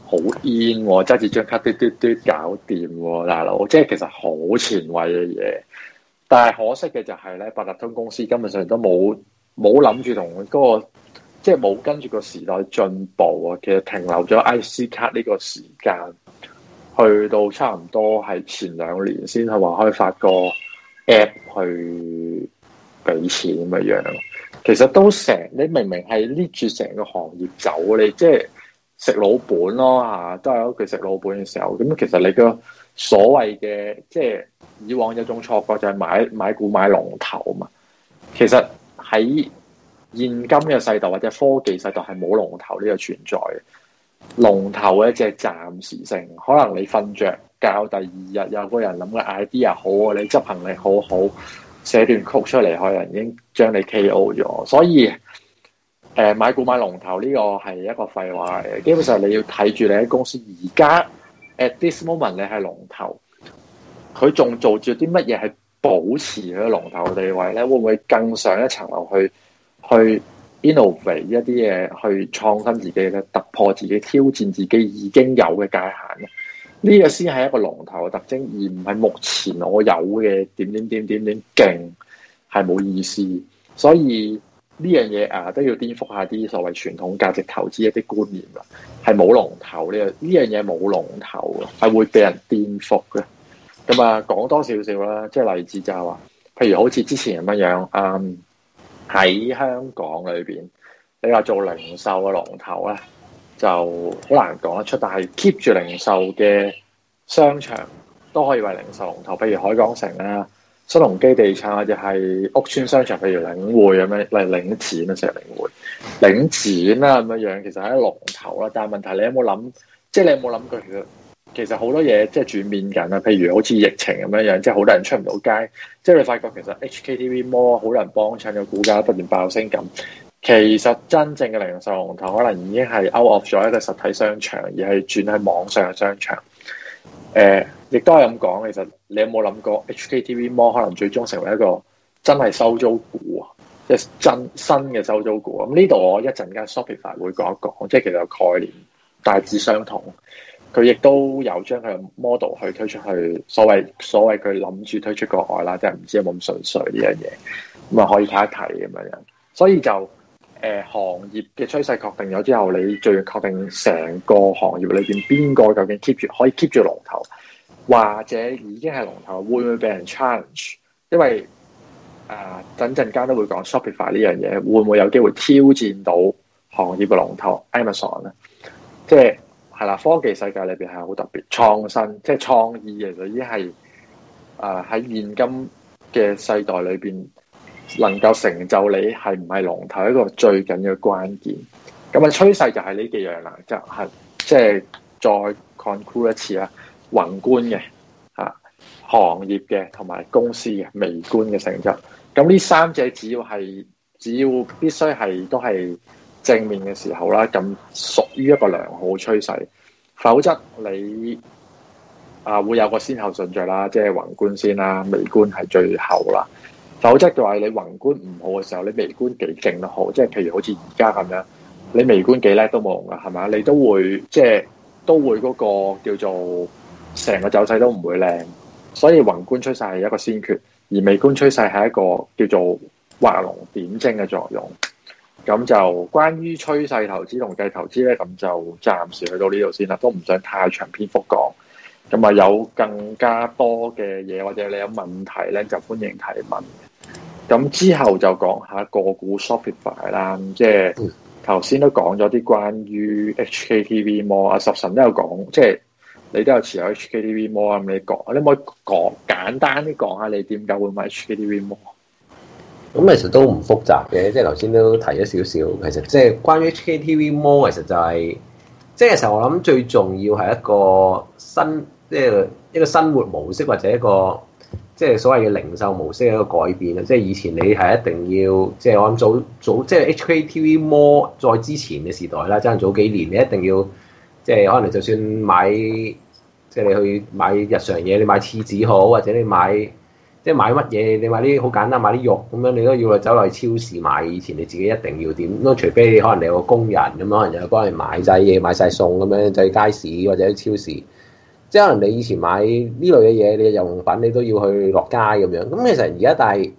好、欸、in 喎，揸住張卡嘟嘟嘟搞掂喎，哦，大佬，即係其實好前衞嘅嘢。但係可惜嘅就係咧，八達通公司根本上都冇冇諗住同嗰個，即係冇跟住個時代進步啊，其實停留咗 IC 卡呢個時間。去到差唔多係前兩年先去話開發個 app 去俾錢咁嘅樣，其實都成，你明明係拎住成個行業走，你即係食老本咯吓，都係喺屋企食老本嘅時候。咁其實你個所謂嘅即係以往有種錯覺就係買買股買龍頭嘛，其實喺現今嘅世代或者科技世代係冇龍頭呢個存在嘅。龍頭一隻暫時性，可能你瞓着，教第二日有個人諗個 idea 好，你執行力好好，寫段曲出嚟，可能已經將你 KO 咗。所以，誒、呃、買股買龍頭呢個係一個廢話嘅，基本上你要睇住你喺公司而家 at this moment 你係龍頭，佢仲做住啲乜嘢係保持佢龍頭地位咧？會唔會更上一層樓去去？去 Innovate 一啲嘢去創新自己咧，突破自己、挑戰自己已經有嘅界限咧，呢個先係一個龍頭嘅特徵，而唔係目前我有嘅點點點點點勁係冇意思。所以呢樣嘢啊都要顛覆下啲所謂傳統價值投資一啲觀念啦，係冇龍頭呢？呢樣嘢冇龍頭嘅係會畀人顛覆嘅。咁啊，講多少少啦，即係例子就係話，譬如好似之前咁樣啊。嗯喺香港裏邊，你話做零售嘅龍頭咧，就好難講得出。但係 keep 住零售嘅商場都可以為零售龍頭，譬如海港城啦、啊、新鴻基地產或者係屋村商場，譬如領匯咁樣，例如領展啊，成領匯、領展啦咁樣樣，其實係龍頭啦。但係問題，你有冇諗？即係你有冇諗過？其實好多嘢，即係轉變緊啊，譬如好似疫情咁樣樣，即係好多人出唔到街，即係你發覺其實 HKTV More 好多人幫襯，嘅股價不斷爆升咁。其實真正嘅零售龍頭可能已經係 out of 咗一個實體商場，而係轉喺網上商場。誒、呃，亦都係咁講。其實你有冇諗過 HKTV More 可能最終成為一個真係收租股啊？即係真新嘅收租股。咁呢度我講一陣間 Shopify 會講一講，即係其實個概念大致相同。佢亦都有將佢嘅 model 去推出去，所謂所謂佢諗住推出國外啦，即係唔知有冇咁純粹，呢樣嘢，咁啊可以睇一睇咁樣樣。所以就誒、呃、行業嘅趨勢確定咗之後，你最要確定成個行業裏邊邊個究竟 keep 住可以 keep 住龍頭，或者已經係龍頭會唔會畀人 challenge？因為誒、呃、等陣間都會講 Shopify 呢樣嘢，會唔會有機會挑戰到行業嘅龍頭 Amazon 咧？即係。係啦，科技世界裏邊係好特別，創新即係創意嘅、就是，其實已經係誒喺現今嘅世代裏邊，能夠成就你係唔係龍頭一個最緊要關鍵。咁嘅趨勢就係呢幾樣啦，就係即係再 conclude 一次啦，宏觀嘅吓行業嘅同埋公司嘅微觀嘅成就。咁呢三者只要係只要必須係都係。正面嘅時候啦，咁屬於一個良好趨勢，否則你啊會有個先後順序啦，即係宏觀先啦，微觀係最後啦。否則嘅話，你宏觀唔好嘅時候，你微觀幾勁都好，即係譬如好似而家咁樣，你微觀幾叻都冇用噶，係嘛？你都會即係都會嗰個叫做成個走勢都唔會靚，所以宏觀趨勢係一個先決，而微觀趨勢係一個叫做畫龍點睛嘅作用。咁就關於趨勢投資同計投資咧，咁就暫時去到呢度先啦，都唔想太長篇幅講。咁啊，有更加多嘅嘢或者你有問題咧，就歡迎提問。咁之後就講下個股 Shopify 啦，即係頭先都講咗啲關於 HKTV more，阿十神都有講，即係你都有持有 HKTV more 啊，咁嚟講，你可唔可以講簡單啲講下你點解會買 HKTV more？咁其實都唔複雜嘅，即係頭先都提咗少少。其實即係關於 HKTVmall，其實就係即係其實我諗最重要係一個新，即係一個生活模式或者一個即係所謂嘅零售模式嘅一個改變啊！即係以前你係一定要，即係我諗早早即係 HKTVmall 再之前嘅時代啦，即係早幾年你一定要，即係可能就算買，即係你去買日常嘢，你買廁紙好，或者你買。即係買乜嘢？你買啲好簡單，買啲肉咁樣，你都要去走落去超市買。以前你自己一定要點，都除非你可能你有個工人咁樣，可能又幫人買晒嘢、買晒餸咁樣，就去街市或者超市。即係可能你以前買呢類嘅嘢，你嘅用品你都要去落街咁樣。咁其實而家但係，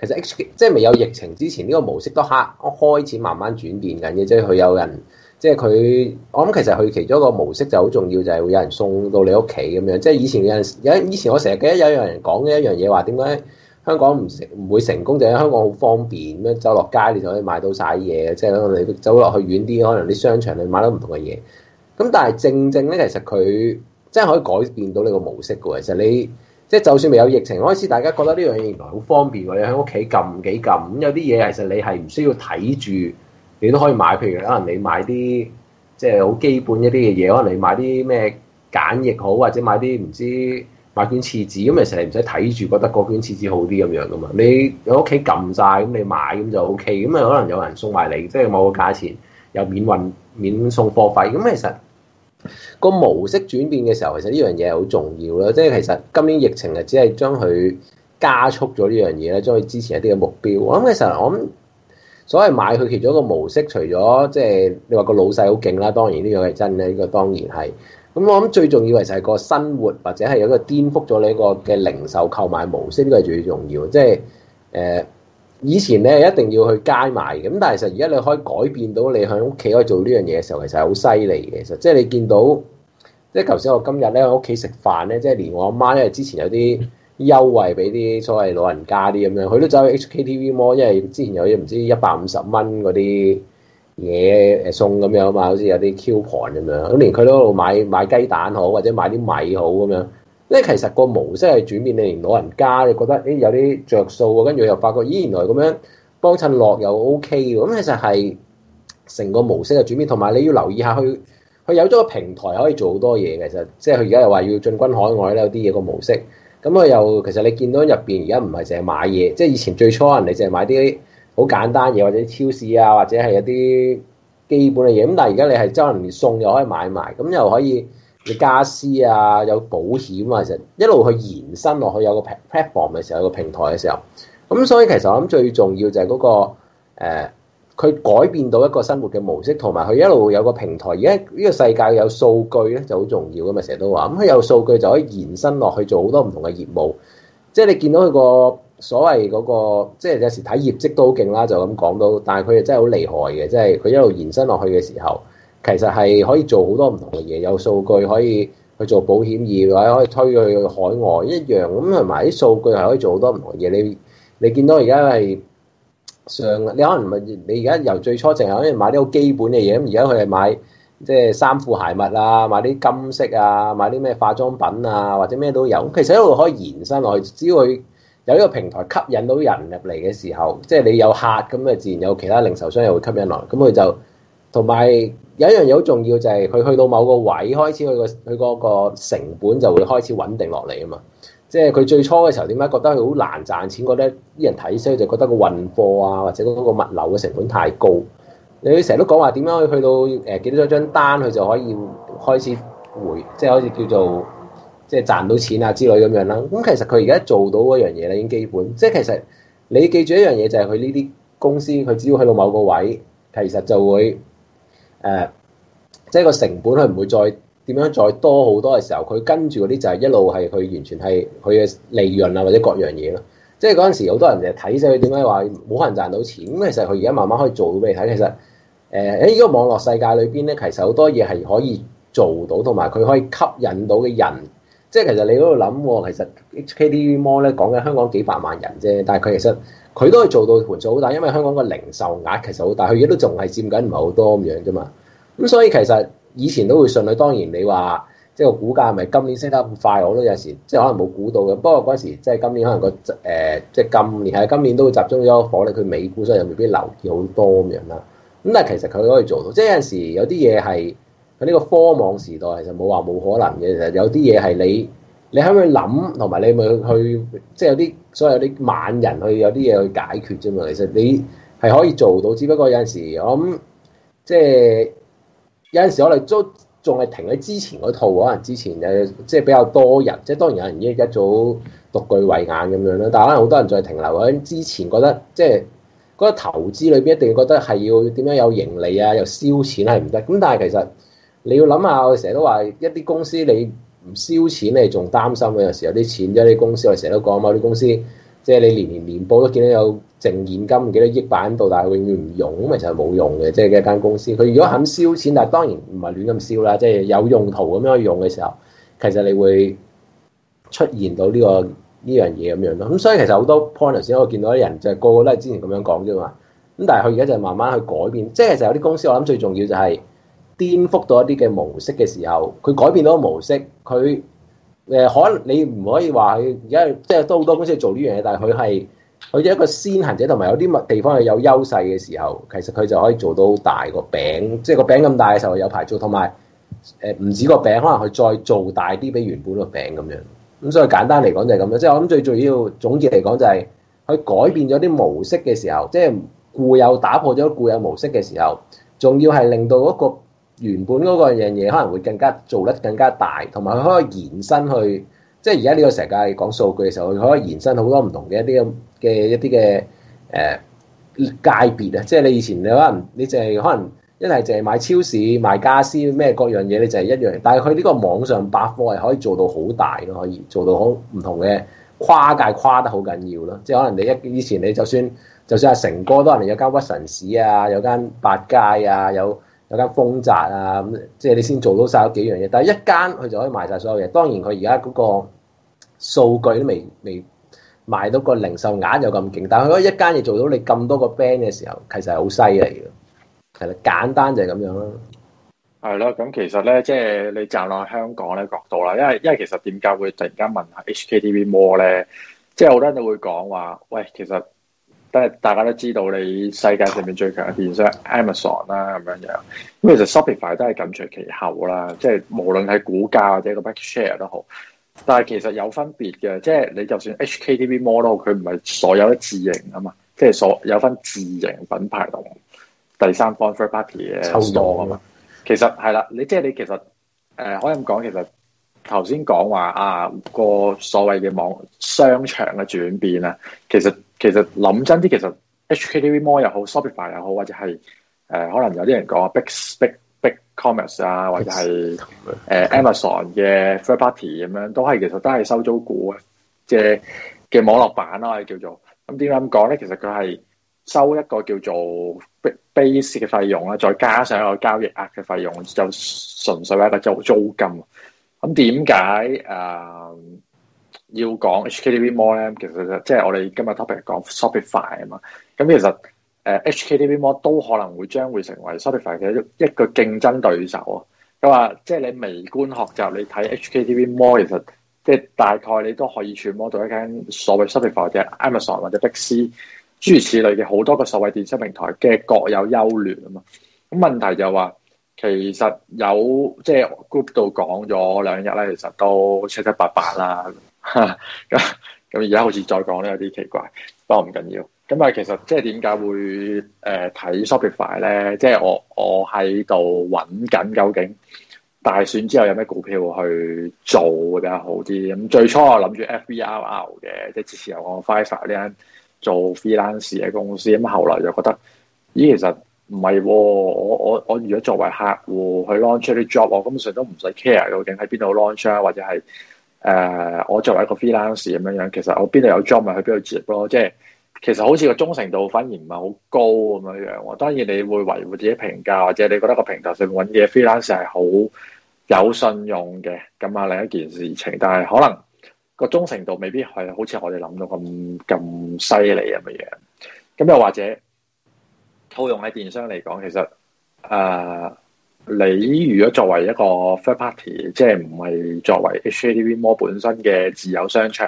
其實即係未有疫情之前，呢個模式都黑開始慢慢轉變緊嘅，即係佢有人。即係佢，我諗其實佢其中一個模式就好重要，就係會有人送到你屋企咁樣。即係以前有陣時，有以前我成日記得有一樣人講嘅一樣嘢，話點解香港唔成唔會成功，就係香港好方便，咁樣走落街你就可以買到晒嘢。即係你走落去遠啲，可能啲商場你買到唔同嘅嘢。咁但係正正咧，其實佢真係可以改變到你個模式㗎。其實你即係就算未有疫情，開始大家覺得呢樣嘢原來好方便，你喺屋企撳幾撳，咁有啲嘢其實你係唔需要睇住。你都可以買，譬如可能你買啲即係好基本一啲嘅嘢，可能你買啲咩簡易好，或者買啲唔知買卷廁紙，咁其實你唔使睇住，覺得嗰卷廁紙好啲咁樣噶嘛？你喺屋企撳晒，咁你買咁就 O K，咁啊可能有人送埋你，即係冇價錢又免運免送貨費，咁其實個模式轉變嘅時候，其實呢樣嘢係好重要啦。即係其實今年疫情係只係將佢加速咗呢樣嘢咧，將佢之前一啲嘅目標，我諗其實我。所謂買佢其中一個模式，除咗即係你話個老細好勁啦，當然呢個係真咧，呢個當然係。咁我諗最重要嘅就係個生活或者係有個顛覆咗你個嘅零售購買模式，呢個係最重要。即係誒，以前咧一定要去街買，咁但係其實而家你可以改變到你喺屋企可以做呢樣嘢嘅時候，其實係好犀利嘅。其實即係你見到，即係頭先我今日咧喺屋企食飯咧，即係連我阿媽咧之前有啲。優惠俾啲所謂老人家啲咁樣，佢都走去 HKTVmall，因為之前有啲唔知一百五十蚊嗰啲嘢誒送咁樣啊嘛，好似有啲 coupon 咁樣。咁連佢都喺度買買雞蛋好，或者買啲米好咁樣。咧其實個模式係轉變，你連老人家你覺得誒、欸、有啲着數喎，跟住又發覺咦原來咁樣幫襯落又 O K 嘅咁，其實係成個模式嘅轉變。同埋你要留意下佢佢有咗個平台可以做好多嘢。其實即係佢而家又話要進軍海外咧，有啲嘢個模式。咁啊，又其實你見到入邊而家唔係淨係買嘢，即係以前最初人哋淨係買啲好簡單嘢，或者超市啊，或者係有啲基本嘅嘢。咁但係而家你係周圍送又可以買埋，咁又可以你家私啊，有保險啊，成一路去延伸落去，有個 platform 嘅時候，有個平台嘅時候。咁所以其實我諗最重要就係嗰個、呃佢改變到一個生活嘅模式，同埋佢一路有個平台。而家呢個世界有數據咧就好重要㗎嘛。成日都話咁，佢有數據就可以延伸落去做好多唔同嘅業務。即係你見到佢個所謂嗰個，即係有時睇業績都好勁啦，就咁講到。但係佢又真係好厲害嘅，即係佢一路延伸落去嘅時候，其實係可以做好多唔同嘅嘢。有數據可以去做保險業，或者可以推去海外一樣咁，同埋啲數據係可以做好多唔同嘢。你你見到而家係。上你可能唔係你而家由最初淨係可以買啲好基本嘅嘢，咁而家佢係買即係衫褲鞋襪啦，買啲金飾啊，買啲咩、啊、化妝品啊，或者咩都有。其實一路可以延伸落去，只要佢有一個平台吸引到人入嚟嘅時候，即係你有客咁啊，自然有其他零售商又會吸引落。咁佢就同埋有，有一樣嘢好重要，就係佢去到某個位開始佢個佢嗰個成本就會開始穩定落嚟啊嘛。即係佢最初嘅時候點解覺得佢好難賺錢？覺得啲人睇衰，就覺得個運貨啊，或者嗰個物流嘅成本太高。你成日都講話點樣去到誒幾多張單，佢就可以開始回，即係開始叫做即係賺到錢啊之類咁樣啦。咁其實佢而家做到嗰樣嘢咧，已經基本。即係其實你記住一樣嘢，就係佢呢啲公司，佢只要去到某個位，其實就會誒、呃，即係個成本佢唔會再。點樣再多好多嘅時候，佢跟住嗰啲就係一路係佢完全係佢嘅利潤啊，或者各樣嘢咯。即係嗰陣時，好多人就睇曬佢點解話冇可能賺到錢。咁其實佢而家慢慢可以做到俾你睇。其實誒喺呢個網絡世界裏邊咧，其實好多嘢係可以做到，同埋佢可以吸引到嘅人。即係其實你嗰度諗，其實 HKTV Mall 咧講緊香港幾百萬人啫，但係佢其實佢都可以做到盤數好大，因為香港個零售額其實好大，佢而家都仲係佔緊唔係好多咁樣啫嘛。咁所以其實。以前都會信嘅，當然你話即係個股價係咪今年升得咁快，我都有時即係可能冇估到嘅。不過嗰時即係今年可能個誒、呃、即係今年係今年都會集中咗個火力佢美股所以又未必留意好多咁樣啦。咁但係其實佢可以做到，即係有陣時有啲嘢係喺呢個科網時代，其實冇話冇可能嘅。其實有啲嘢係你你喺度諗，同埋你咪去即係有啲所謂有啲猛人去有啲嘢去解決啫嘛。其實你係可以做到，只不過有陣時我諗即係。有陣時我哋都仲係停喺之前嗰套，可能之前誒即係比較多人，即係當然有人一一早獨具慧眼咁樣啦。但可能好多人仲係停留喺之前，覺得即係覺、嗰個、投資裏邊一定要覺得係要點樣有盈利啊，又燒錢係唔得。咁但係其實你要諗下，我哋成日都話一啲公司你唔燒錢你仲擔心，有陣時有啲錢啫啲公司，我哋成日都講某啲公司。即係你年年年報都見到有淨現金幾多億擺喺度，但係永遠唔用，咁咪就係冇用嘅。即係一間公司，佢如果肯燒錢，但係當然唔係亂咁燒啦。即係有用途咁樣去用嘅時候，其實你會出現到呢、呢個呢樣嘢咁樣咯。咁所以其實好多 point，我見到啲人就係、是、個個都係之前咁樣講啫嘛。咁但係佢而家就慢慢去改變，即係其實有啲公司，我諗最重要就係顛覆到一啲嘅模式嘅時候，佢改變到個模式，佢。誒，可你唔可以話佢而家即係都好多公司做呢樣嘢？但係佢係佢一個先行者，同埋有啲物地方係有優勢嘅時候，其實佢就可以做到大個餅，即係個餅咁大嘅時候有排做。同埋誒，唔止個餅，可能佢再做大啲比原本個餅咁樣。咁所以簡單嚟講就係咁樣。即係我諗最重要總結嚟講就係佢改變咗啲模式嘅時候，即係固有打破咗固有模式嘅時候，仲要係令到嗰個，原本嗰個樣嘢可能會更加做得更加大，同埋佢可以延伸去，即係而家呢個世界講數據嘅時候，佢可以延伸好多唔同嘅一啲嘅一啲嘅誒界別啊！即係你以前你可能你淨係可能一係淨係買超市、賣家私咩各樣嘢，你就係一樣。但係佢呢個網上百貨係可以做到好大咯，可以做到好唔同嘅跨界跨得好緊要咯。即係可能你一以前你就算就算阿成哥都係有，有間屈臣氏啊，有間百佳啊，有。有間豐澤啊，咁即係你先做到晒嗰幾樣嘢，但係一間佢就可以賣晒所有嘢。當然佢而家嗰個數據都未未賣到個零售額又咁勁，但係佢一間嘢做到你咁多個 band 嘅時候，其實係好犀利嘅。係啦，簡單就係咁樣啦。係咯，咁其實咧，即係你站落香港咧角度啦，因為因為其實點解會突然間問下 HKTV More 咧？即係好多人都會講話，喂，其實。但係大家都知道，你世界上面最強嘅電商 Amazon 啦、啊，咁樣樣咁，其實 Shopify 都係緊隨其後啦。即係無論係股價或者個 market share 都好，但係其實有分別嘅。即係你就算 HKTV Mall 佢唔係所有都自營啊嘛，即係所有，有分自營品牌同第三方 third party 嘅抽多啊嘛。其實係啦，你即係你其實誒可以咁講，其實頭先講話啊個所謂嘅網商場嘅轉變啊，其實。其實諗真啲，其實 HKTV More 又好 Shopify 又好，或者係誒、呃，可能有啲人講 Big Big Big Commerce 啊，或者係誒、呃、Amazon 嘅 Free Party 咁樣，都係其實都係收租股嘅嘅、即係、網絡版咯、啊，叫做。咁點解咁講咧？其實佢係收一個叫做 base 嘅費用啦，再加上一個交易額嘅費用，就純粹係一個租租金。咁點解誒？嗯要講 HKTV More 咧，其實即係我哋今日 topic 係講 Shopify 啊嘛。咁其實誒 HKTV More 都可能會將會成為 Shopify 嘅一個競爭對手啊。咁啊，即係你微觀學習，你睇 HKTV More，其實即係大概你都可以揣摩到一間所謂 Shopify 嘅 Amazon 或者 Big C 諸如此類嘅好多個所謂電商平台嘅各有優劣啊嘛。咁問題就話其實有即係、就是、group 度講咗兩日咧，其實都七七八八啦。咁咁而家好似再講都有啲奇怪，不過唔緊要。咁啊，其實即係點解會誒睇 Shopify 咧？即、呃、係、就是、我我喺度揾緊究竟大選之後有咩股票去做會比較好啲？咁最初我諗住 FVRR 嘅，即係之前有我、Fiverr 呢間做 freelance 嘅公司。咁後來就覺得咦，其實唔係。我我我如果作為客戶去 launch 啲 job，我根本上都唔使 care 究竟喺邊度 launch 啊，或者係。誒、呃，我作為一個 freelancer 咁樣樣，其實我邊度有 job 咪去邊度接咯，即係其實好似個忠誠度反而唔係好高咁樣樣、啊、喎。當然你會維護自己評價，或者你覺得個平台上面揾嘢 freelancer 係好有信用嘅，咁啊，另一件事情，但係可能個忠誠度未必係好似我哋諗到咁咁犀利咁嘅樣。咁又或者套用喺電商嚟講，其實誒。呃你如果作為一個 third party，即係唔係作為 H K T V Mall 本身嘅自有商場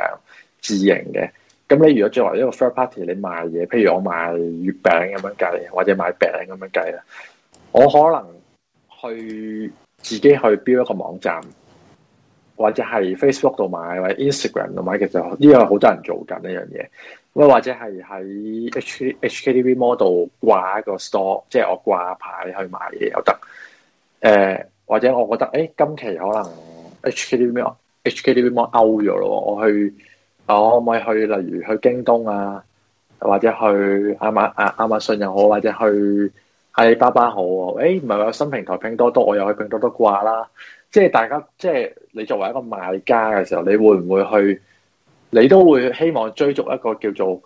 自營嘅，咁你如果作為一個 third party，你賣嘢，譬如我賣月餅咁樣計，或者賣餅咁樣計啦，我可能去自己去 build 一個網站，或者喺 Facebook 度買，或者 Instagram 度買，其實呢個好多人做緊呢樣嘢。咁或者係喺 H H K T V Mall 掛一個 store，即係我掛牌去賣嘢又得。誒、呃，或者我覺得誒、欸，今期可能 HKTV 咩 HKTV mall out 咗咯，我去我可唔可以去，例如去京東啊，或者去阿馬阿亞馬遜又好，或者去阿里巴巴好、啊，誒、欸，唔係話新平台拼多多，我又去拼多多掛啦。即係大家即係你作為一個賣家嘅時候，你會唔會去？你都會希望追逐一個叫做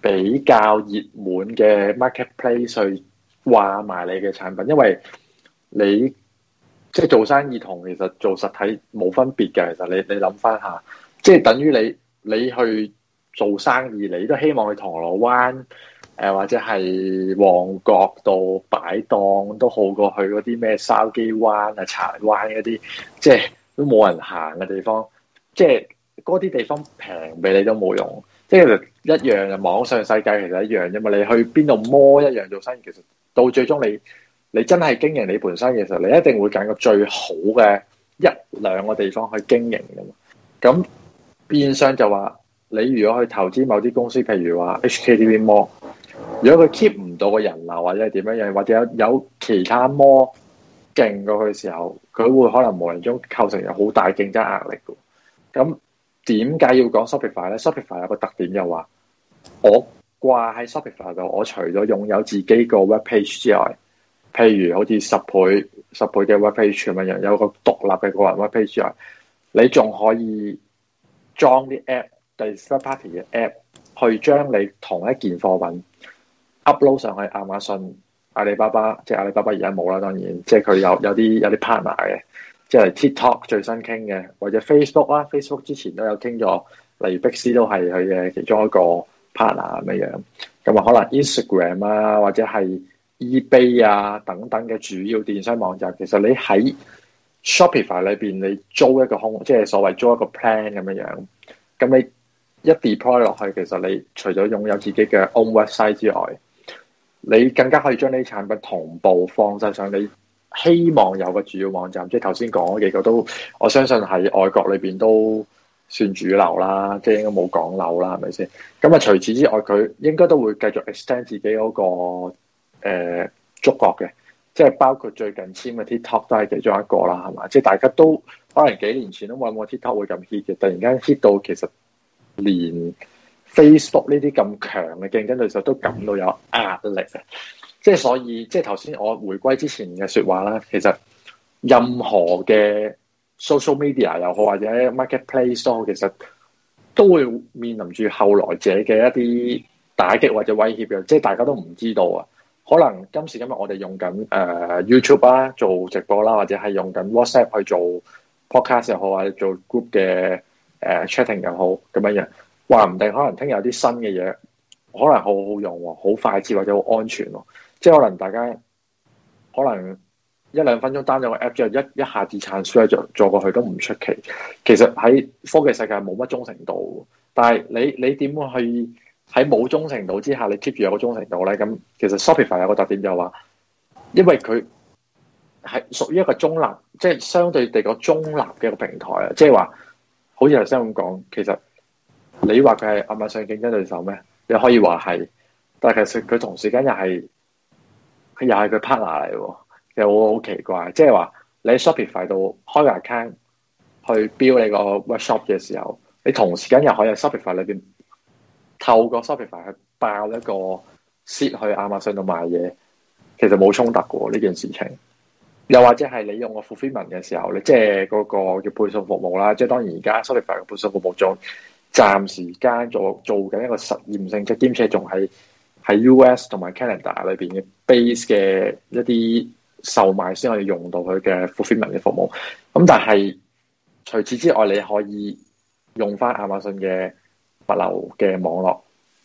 比較熱門嘅 marketplace 去掛賣你嘅產品，因為你。即係做生意同其實做實體冇分別嘅，其實你你諗翻下，即係等於你你去做生意，你都希望去銅鑼灣誒或者係旺角度擺檔都好過去嗰啲咩筲箕灣啊、柴灣嗰啲，即係都冇人行嘅地方，即係嗰啲地方平俾你都冇用，即係一樣嘅，網上世界其實一樣，因為你去邊度摸一樣做生意，其實到最終你。你真係經營你本身嘅時候，你一定會揀個最好嘅一兩個地方去經營噶嘛。咁變相就話，你如果去投資某啲公司，譬如話 HKTV Mall，如果佢 keep 唔到個人流，或者係點樣樣，或者有其他 mall 勁過佢嘅時候，佢會可能無形中構成有好大競爭壓力噶。咁點解要講 Shopify 咧？Shopify 有個特點就話，我掛喺 Shopify 度，我除咗擁有自己個 web page 之外。譬如好似十倍十倍嘅 web page 咁樣樣，有個獨立嘅個人 web page 啊，你仲可以裝啲 app，第 party 嘅 app 去將你同一件貨品 upload 上去亞馬遜、阿里巴巴，即係阿里巴巴而家冇啦，當然，即係佢有有啲有啲 partner 嘅，即係 TikTok 最新傾嘅，或者 Facebook 啦，Facebook 之前都有傾咗，例如 Bix 都係佢嘅其中一個 partner 咁樣樣，咁啊，可能 Instagram 啊，或者係。eBay 啊，等等嘅主要電商網站，其實你喺 Shopify 裏邊，你租一個空，即係所謂租一個 plan 咁樣樣，咁你一 deploy 落去，其實你除咗擁有自己嘅 own website 之外，你更加可以將呢啲產品同步放晒上你希望有嘅主要網站，即係頭先講嗰幾個都，我相信喺外國裏邊都算主流啦，即係應該冇港流啦，係咪先？咁啊，除此之外，佢應該都會繼續 extend 自己嗰個。誒、呃，觸角嘅，即係包括最近簽嘅 TikTok 都係其中一個啦，係嘛？即係大家都可能幾年前都冇諗過 TikTok 會咁 hit 嘅，突然間 hit 到其實連 Facebook 呢啲咁強嘅競爭對手都感到有壓力嘅！即係所以，即係頭先我回歸之前嘅説話啦，其實任何嘅 social media 又好，或者 marketplace 都，其實都會面臨住後來者嘅一啲打擊或者威脅嘅，即係大家都唔知道啊！可能今時今日我哋用緊誒、uh, YouTube 啦，啊，做直播啦，啊，或者係用緊 WhatsApp 去做 Podcast 又好，或者做 group 嘅誒、uh, chatting 又好，咁樣樣話唔定，可能聽日有啲新嘅嘢，可能好好用，啊，好快捷或者好安全咯，啊。即係可能大家可能一兩分鐘 down 咗個 app 之後，一一下子鏟書咗，做過去都唔出奇。其實喺科技世界冇乜忠誠度，但係你你點去？喺冇忠誠度之下，你 keep 住有個忠誠度咧。咁其實 Shopify 有個特點就係話，因為佢係屬於一個中立，即係相對地個中立嘅一個平台啊。即係話，好似頭先咁講，其實你話佢係亞馬遜競爭對手咩？你可以話係，但係其實佢同時間又係佢又係佢 partner 嚟喎。其實我好奇怪，即係話你喺 Shopify 度開個 account 去 build 你個 workshop 嘅時候，你同時間又可以喺 Shopify 裏邊。透過 Shopify 去爆一個 sit 去亞馬遜度賣嘢，其實冇衝突嘅呢、哦、件事情。又或者係你用個 fulfillment 嘅時候，你即係嗰個叫配送服務啦。即係當然而家 Shopify 嘅配送服務仲暫時間做做緊一個實驗性，即兼且仲喺喺 US 同埋 Canada 裏邊嘅 base 嘅一啲售賣先可以用到佢嘅 fulfillment 嘅服務。咁、嗯、但係除此之外，你可以用翻亞馬遜嘅。物流嘅網絡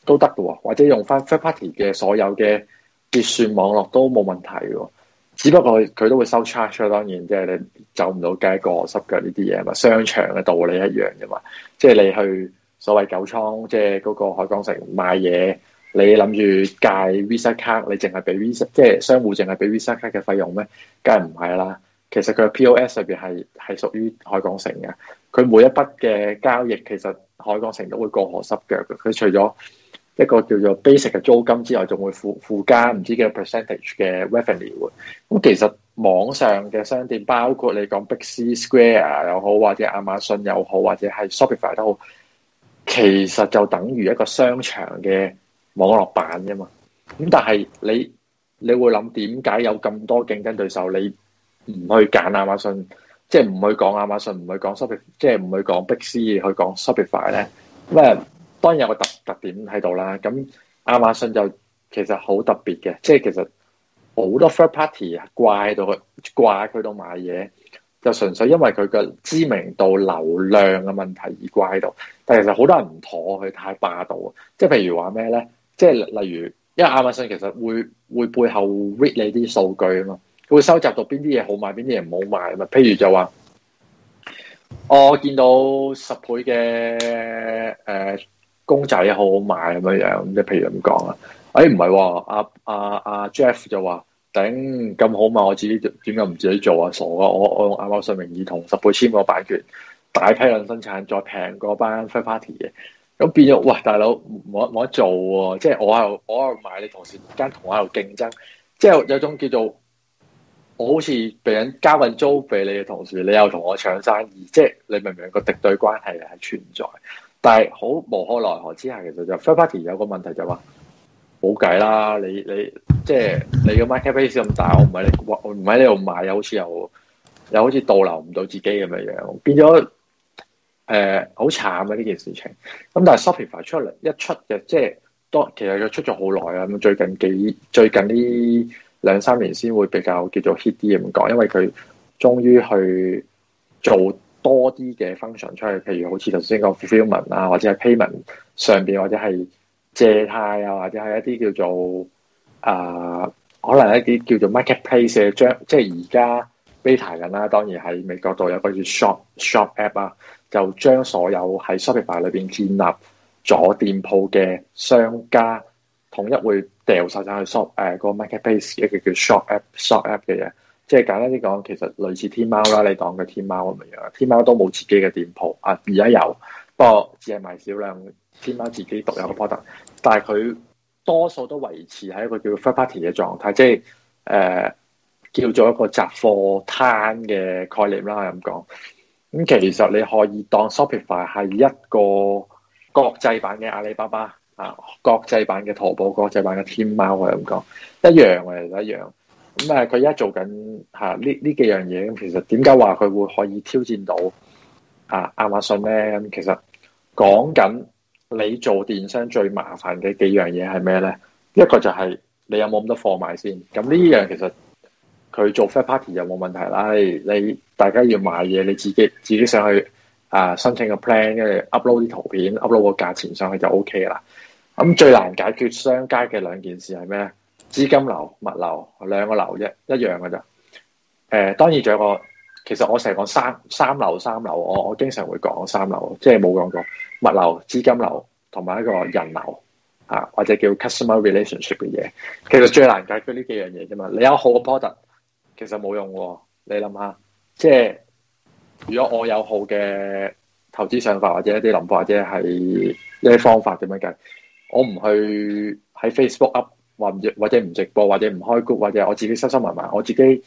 都得嘅喎，或者用翻 f a Party 嘅所有嘅結算網絡都冇問題嘅喎。只不過佢都會收 charge，當然即係你走唔到街，過濕腳呢啲嘢啊嘛。商場嘅道理一樣嘅嘛，即係你去所謂九倉，即係嗰個海港城買嘢，你諗住介 Visa 卡，你淨係俾 Visa，即係商戶淨係俾 Visa 卡嘅費用咩？梗係唔係啦。其實佢 POS 入邊係係屬於海港城嘅，佢每一筆嘅交易其實。海港城都會過河濕腳嘅，佢除咗一個叫做 basic 嘅租金之外，仲會附附加唔知幾多 percentage 嘅 revenue。咁其實網上嘅商店，包括你講 Big C Square 又好，或者亞馬遜又好，或者係 Shopify 都好，其實就等於一個商場嘅網絡版啫嘛。咁但係你你會諗點解有咁多競爭對手，你唔去揀亞馬遜？即係唔去講亞馬遜，唔去講 Shopify，即係唔去講 Big C，去講 Shopify 咧咁啊，當然有個特特點喺度啦。咁亞馬遜就其實好特別嘅，即係其實好多 third party 怪到佢，怪佢到、到買嘢，就純粹因為佢嘅知名度、流量嘅問題而怪到。但係其實好多人唔妥佢太霸道啊，即係譬如話咩咧，即係例如，因為亞馬遜其實會會背後 read 你啲數據啊嘛。佢會收集到邊啲嘢好賣，邊啲嘢唔好賣，咪譬如就話，我、哦、見到十倍嘅誒、呃、公仔好好賣咁樣樣，咁即係譬如咁講、哎哦、啊？誒唔係喎，阿阿阿 Jeff 就話頂咁好賣，我自己點解唔自己做啊？傻啊！我我用亞馬遜名義同十倍簽個版權，大批量生產，再平過班 third party 嘅，咁變咗哇！大佬冇冇得做喎、啊？即係我喺度，我喺度賣，你同時間同我喺度競爭，即係有，有種叫做。我好似俾人交緊租俾你嘅同時，你又同我搶生意，即係你明明個敵對關係係存在，但係好無可奈何之下，其實就 Fubuki 有個問題就話冇計啦。你你即係你個 market base 咁大，我唔係我唔喺呢度買又好似又又好似倒流唔到自己咁樣樣，變咗誒好慘啊呢件事情。咁但係 Shopify 出嚟一出嘅，即係當其實佢出咗好耐啦。咁最近幾最近呢？兩三年先會比較叫做 hit 啲咁講，因為佢終於去做多啲嘅 function 出去，譬如好似頭先個 fulfillment 啊，或者係 payment 上邊，或者係借貸啊，或者係一啲叫做啊、呃，可能一啲叫做 marketplace 嘅將即係而家 beta 緊啦、啊。當然喺美國度有個叫 Shop Shop App 啊，就將所有喺 Shopify 裏邊建立咗店鋪嘅商家統一會，掉晒曬去 shop 誒、呃那個 marketplace 一個叫 shop app shop app 嘅嘢，即係簡單啲講，其實類似天貓啦，all, 你當嘅天貓咁樣，樣，天貓都冇自己嘅店鋪啊，而家有，不過只係賣少量天貓自己獨有嘅 product，但係佢多數都維持喺一個叫 freeparty 嘅狀態，即係誒、呃、叫做一個雜貨攤嘅概念啦咁講，咁、嗯、其實你可以當 Shopify 係一個國際版嘅阿里巴巴。啊！國際版嘅淘寶，國際版嘅天貓，我係咁講，一樣嘅就一樣。咁但誒，佢而家做緊吓呢呢幾樣嘢，咁其實點解話佢會可以挑戰到啊亞馬遜咧？咁、嗯、其實講緊你做電商最麻煩嘅幾樣嘢係咩咧？一個就係、是、你有冇咁多貨賣先。咁、嗯、呢樣其實佢做 fair party 又冇問題啦、哎。你大家要買嘢，你自己自己上去啊申請個 plan，跟住 upload 啲圖片，upload 個價錢上去就 OK 啦。咁最難解決商家嘅兩件事係咩咧？資金流、物流兩個流啫，一樣嘅咋。誒、呃，當然仲有個，其實我成日講三三流三流，我我經常會講三流，即係冇講過物流、資金流同埋一個人流吓、啊，或者叫 customer relationship 嘅嘢。其實最難解決呢幾樣嘢啫嘛。你有好嘅 product，其實冇用、哦。你諗下，即係如果我有好嘅投資想法或者一啲諗法或者係一啲方法點樣計？我唔去喺 Facebook up，或唔，或者唔直播，或者唔開 group 或者我自己收收埋埋，我自己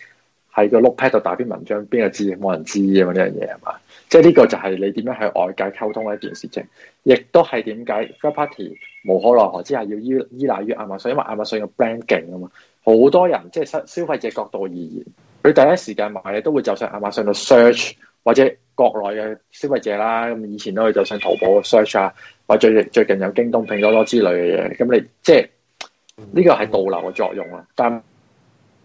喺個 note pad 度打篇文章，邊個知？冇人知啊！呢樣嘢係嘛？即係呢個就係你點樣去外界溝通嘅一件事情，亦都係點解 third party 無可奈何之下要依依賴於亞馬遜，因為亞馬遜個 brand 勁啊嘛。好多人即係消消費者角度而言，佢第一時間買嘢都會就上亞馬遜度 search，或者。國內嘅消費者啦，咁以前咧佢就上淘寶 search 啊，或者最近有京東、拼多多之類嘅嘢，咁你即係呢個係導流嘅作用啊。但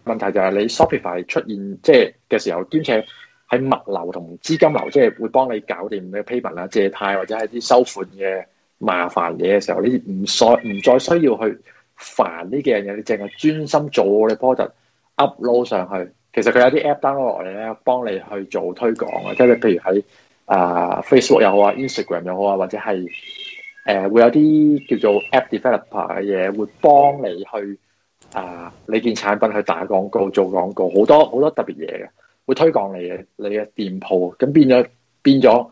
問題就係你 Shopify 出現即係嘅時候，兼且喺物流同資金流，即係會幫你搞掂你嘅 payment 啊、借貸或者係啲收款嘅麻煩嘢嘅時候，你唔再唔再需要去煩呢幾樣嘢，你淨係專心做你 product upload 上去。其實佢有啲 app download 嚟咧，幫你去做推廣啊！即係譬如喺啊、呃、Facebook 又好啊，Instagram 又好啊，或者係誒、呃、會有啲叫做 app developer 嘅嘢，會幫你去啊、呃、你件產品去打廣告、做廣告，好多好多特別嘢嘅，會推廣你嘅你嘅店鋪。咁變咗變咗，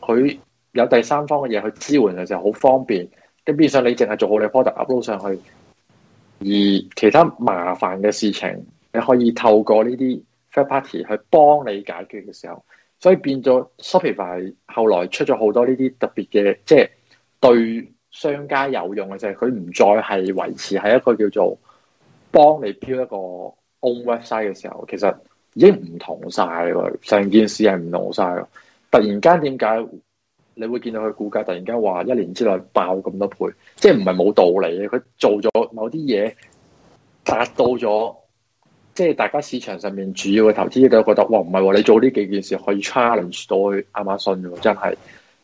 佢有第三方嘅嘢去支援嘅時候好方便。咁變相你淨係做好你 product upload 上去，而其他麻煩嘅事情。你可以透過呢啲 fair party 去幫你解決嘅時候，所以變咗 Shopify 後來出咗好多呢啲特別嘅，即係對商家有用嘅就係佢唔再係維持喺一個叫做幫你 build 一個 own website 嘅時候，其實已經唔同曬喎，成件事係唔同晒咯。突然間點解你會見到佢股價突然間話一年之內爆咁多倍？即係唔係冇道理嘅？佢做咗某啲嘢達到咗。即係大家市場上面主要嘅投資者都覺得，哇唔係喎，你做呢幾件事可以 challenge 到亞馬遜喎，真係，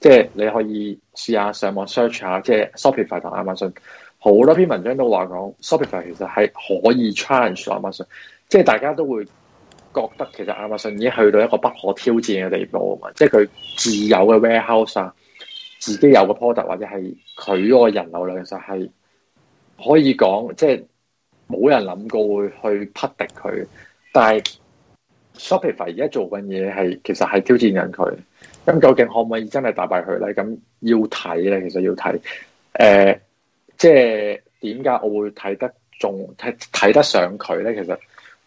即係你可以試下上網 search 下，即係 Shopify 同亞馬遜好多篇文章都話講 Shopify 其實係可以 challenge 亞馬遜，即係大家都會覺得其實亞馬遜已經去到一個不可挑戰嘅地步啊嘛，即係佢自有嘅 warehouse 啊，自己有個 product 或者係佢嗰個人流量，其實係可以講即係。冇人諗過會去匹敵佢，但係 Shopify 而家做緊嘢係，其實係挑戰緊佢。咁究竟可唔可以真係打敗佢咧？咁要睇咧，其實要睇。誒、呃，即係點解我會睇得中、睇睇得上佢咧？其實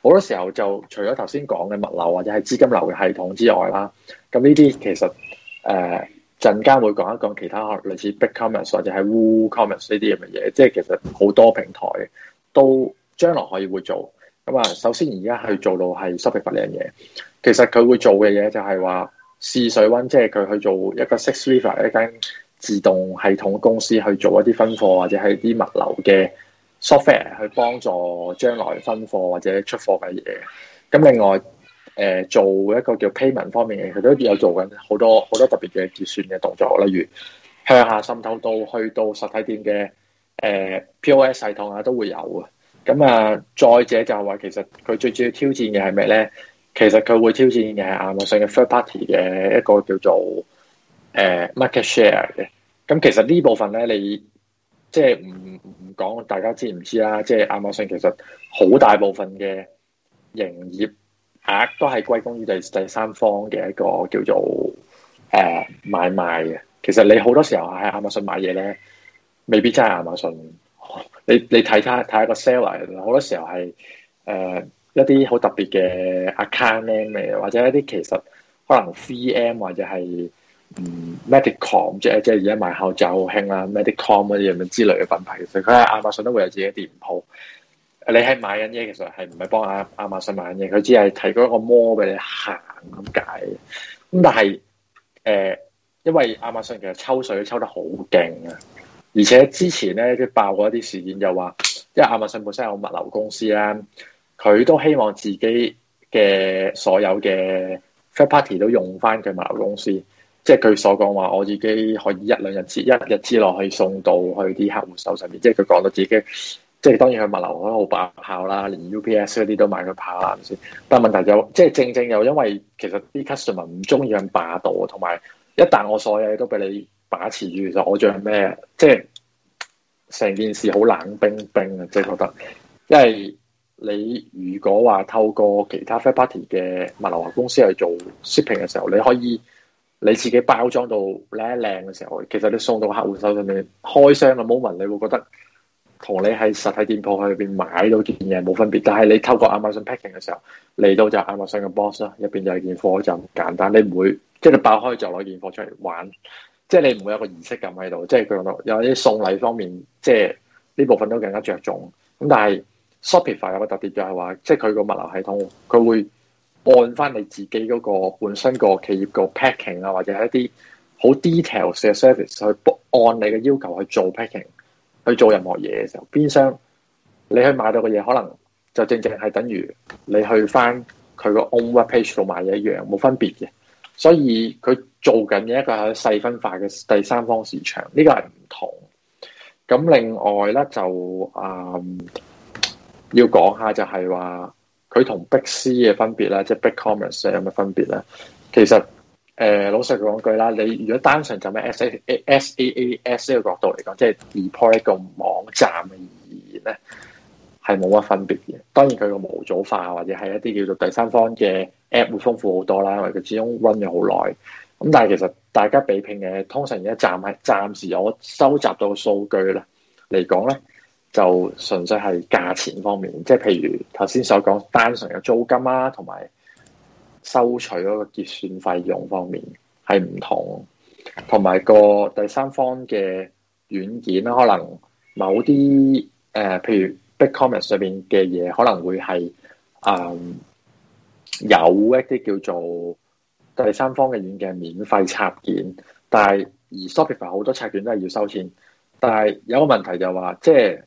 好多時候就除咗頭先講嘅物流或者係資金流嘅系統之外啦，咁呢啲其實誒陣間會講一講其他類似 BigCommerce 或者係 WooCommerce 呢啲咁嘅嘢，即係其實好多平台。都將來可以會做咁啊！首先而家去做到係 s o f t w a，樣嘢，其實佢會做嘅嘢就係話試水温，即係佢去做一個 s o f t w a r 一間自動系統公司去做一啲分貨或者係啲物流嘅 software 去幫助將來分貨或者出貨嘅嘢。咁另外誒、呃，做一個叫 payment 方面嘅，佢都有做緊好多好多特別嘅結算嘅動作，例如向下滲透到去到實體店嘅。誒、uh，POS 系統啊，都會有啊。咁啊，uh, 再者就係話，其實佢最主要挑戰嘅係咩咧？其實佢會挑戰嘅係亞馬遜嘅 third party 嘅一個叫做誒、uh, market share 嘅。咁其實呢部分咧，你即係唔唔講，大家知唔知啦、啊？即係亞馬遜其實好大部分嘅營業額都係歸功於第第三方嘅一個叫做誒、uh, 買賣嘅。其實你好多時候喺亞馬遜買嘢咧。未必真係亞馬遜，你你睇睇睇下個 seller，好多時候係誒、呃、一啲好特別嘅 account name 咧，或者一啲其實可能 CM 或者係嗯 Medicom 即係即係而家賣口罩好興啦，Medicom 嗰啲咁之類嘅品牌，其實佢喺亞馬遜都會有自己店鋪。你喺買緊嘢，其實係唔係幫亞亞馬遜買嘢，佢只係提供一個摩俾你行咁解。咁但係誒、呃，因為亞馬遜其實抽水抽得好勁啊！而且之前咧都爆過一啲事件，又話，因為亞馬遜本身有物流公司啦，佢都希望自己嘅所有嘅 third party 都用翻佢物流公司，即係佢所講話，我自己可以一兩日之一日之內去送到去啲客戶手上面，即係佢講到自己，即係當然佢物流可能好爆效啦，連 UPS 嗰啲都買咗跑啦，係咪先？但問題就即係正正又因為其實啲 customer 唔中意咁霸道，同埋一旦我所有嘢都俾你。把持住其實就是，我仲係咩？即係成件事好冷冰冰啊！即係覺得，因為你如果話透過其他 third party 嘅物流公司去做 shipping 嘅時候，你可以你自己包裝到靚靚嘅時候，其實你送到客戶手上面開箱嘅 moment，你會覺得同你喺實體店鋪去入邊買到件嘢冇分別。但係你透過亞馬遜 packing 嘅時候，嚟到就係亞馬遜嘅 box 啦，入邊就係件貨就簡單，你唔會即係你爆開就攞件貨出嚟玩。即係你唔會有個儀式感喺度，即係佢覺得有啲送禮方面，即係呢部分都更加着重。咁但係 Shopify 有個特別就係話，即係佢個物流系統，佢會按翻你自己嗰個本身個企業個 packing 啊，或者係一啲好 details 嘅 service 去按你嘅要求去做 packing，去做任何嘢嘅時候，變相你去買到嘅嘢可能就正正係等於你去翻佢個 own webpage 度買嘢一樣，冇分別嘅。所以佢做緊嘅一個細分化嘅第三方市場，呢、這個係唔同。咁另外咧就啊、嗯，要講下就係話佢同 Big C 嘅分別啦，即、就、係、是、Big Commerce 有咩分別咧？其實誒、呃、老實講句啦，你如果單純就咩 S A A S A S 呢個角度嚟講，即、就、係、是、deploy 一個網站嘅意義咧，係冇乜分別嘅。當然佢個模組化或者係一啲叫做第三方嘅。App 會豐富好多啦，因為佢始終 run 咗好耐。咁但係其實大家比拼嘅，通常而家暫係暫時我收集到嘅數據咧嚟講咧，就純粹係價錢方面，即係譬如頭先所講，單純嘅租金啦、啊，同埋收取嗰個結算費用方面係唔同，同埋個第三方嘅軟件啦、啊，可能某啲誒、呃，譬如 Big Commerce 上邊嘅嘢可能會係嗯。呃有一啲叫做第三方嘅軟件免費插件，但係而 Shopify 好多插件都係要收錢。但係有個問題就話，即係誒、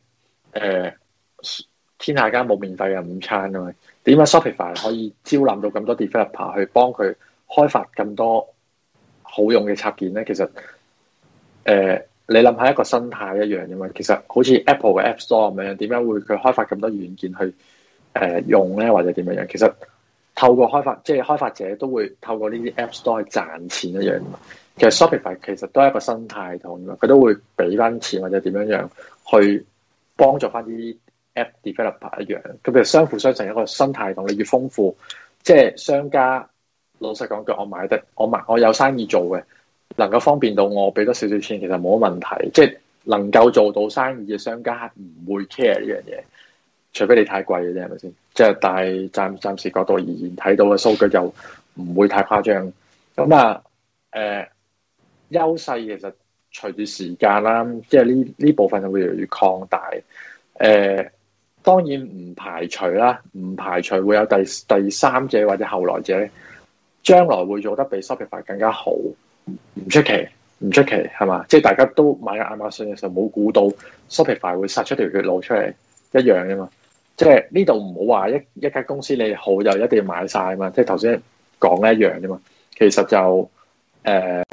呃，天下間冇免費嘅午餐啊嘛？點解 Shopify 可以招攬到咁多 developer 去幫佢開發咁多好用嘅插件咧？其實誒、呃，你諗下一個生態一樣嘅嘛。因為其實好似 Apple 嘅 App Store 咁樣，點解會佢開發咁多軟件去誒、呃、用咧，或者點樣樣？其實。透過開發，即係開發者都會透過呢啲 App Store 去賺錢一樣。其實 Shopify 其實都係一個生態系統，佢都會俾翻錢或者點樣樣去幫助翻啲 App Developer 一樣。咁其實相輔相成一個生態系統，你越豐富，即係商家老實講句，我買得，我買我有生意做嘅，能夠方便到我俾多少少錢，其實冇乜問題。即係能夠做到生意嘅商家唔會 care 呢樣嘢，除非你太貴嘅啫，係咪先？即係，但係暫暫時角度而言，睇到嘅數據又唔會太誇張。咁啊，誒、呃，優勢其實隨住時間啦，即係呢呢部分就會越嚟越擴大。誒、呃，當然唔排除啦，唔排除會有第第三者或者後來者，將來會做得比 Shopify 更加好，唔出奇，唔出奇，係嘛？即係大家都買咗亞馬遜嘅時候，冇估到 Shopify 會殺出條血路出嚟，一樣嘅嘛。即係呢度唔好話一一間公司你好就一定要買晒啊嘛！即係頭先講一樣啫嘛。其實就誒、呃，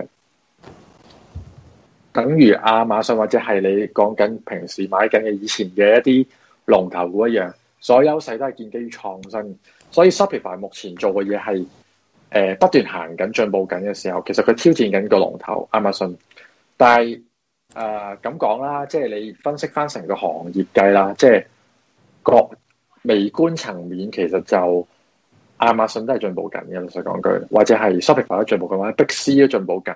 等於亞馬遜或者係你講緊平時買緊嘅以前嘅一啲龍頭股一樣，所有優勢都係建基於創新。所以 Shopify 目前做嘅嘢係誒不斷行緊進步緊嘅時候，其實佢挑戰緊個龍頭亞馬遜。但係誒咁講啦，即係你分析翻成個行業計啦，即係。哦、微觀層面其實就亞馬遜都係進步緊嘅，老實講句，或者係 Shopify 都進步緊，或者，Big C 都進步緊，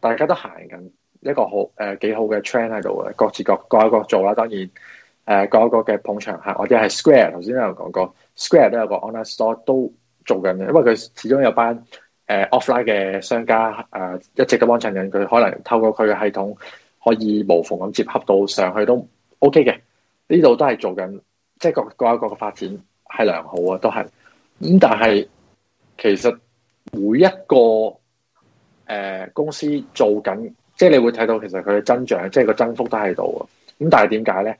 大家都行緊一個好誒、呃、幾好嘅 trend 喺度嘅，各自各各有各做啦，當然誒、呃、各有各嘅捧場客，或者係 Square 頭先都有人講過，Square 都有個 online store 都做緊嘅，因為佢始終有班誒、呃、offline 嘅商家誒、呃、一直都幫襯緊佢，可能透過佢嘅系統可以無縫咁接合到上去都 OK 嘅，呢度都係做緊。即係各有各嘅發展係良好啊，都係咁、嗯。但係其實每一個誒、呃、公司做緊，即係你會睇到其實佢嘅增長，即係個增幅都喺度啊。咁、嗯、但係點解咧？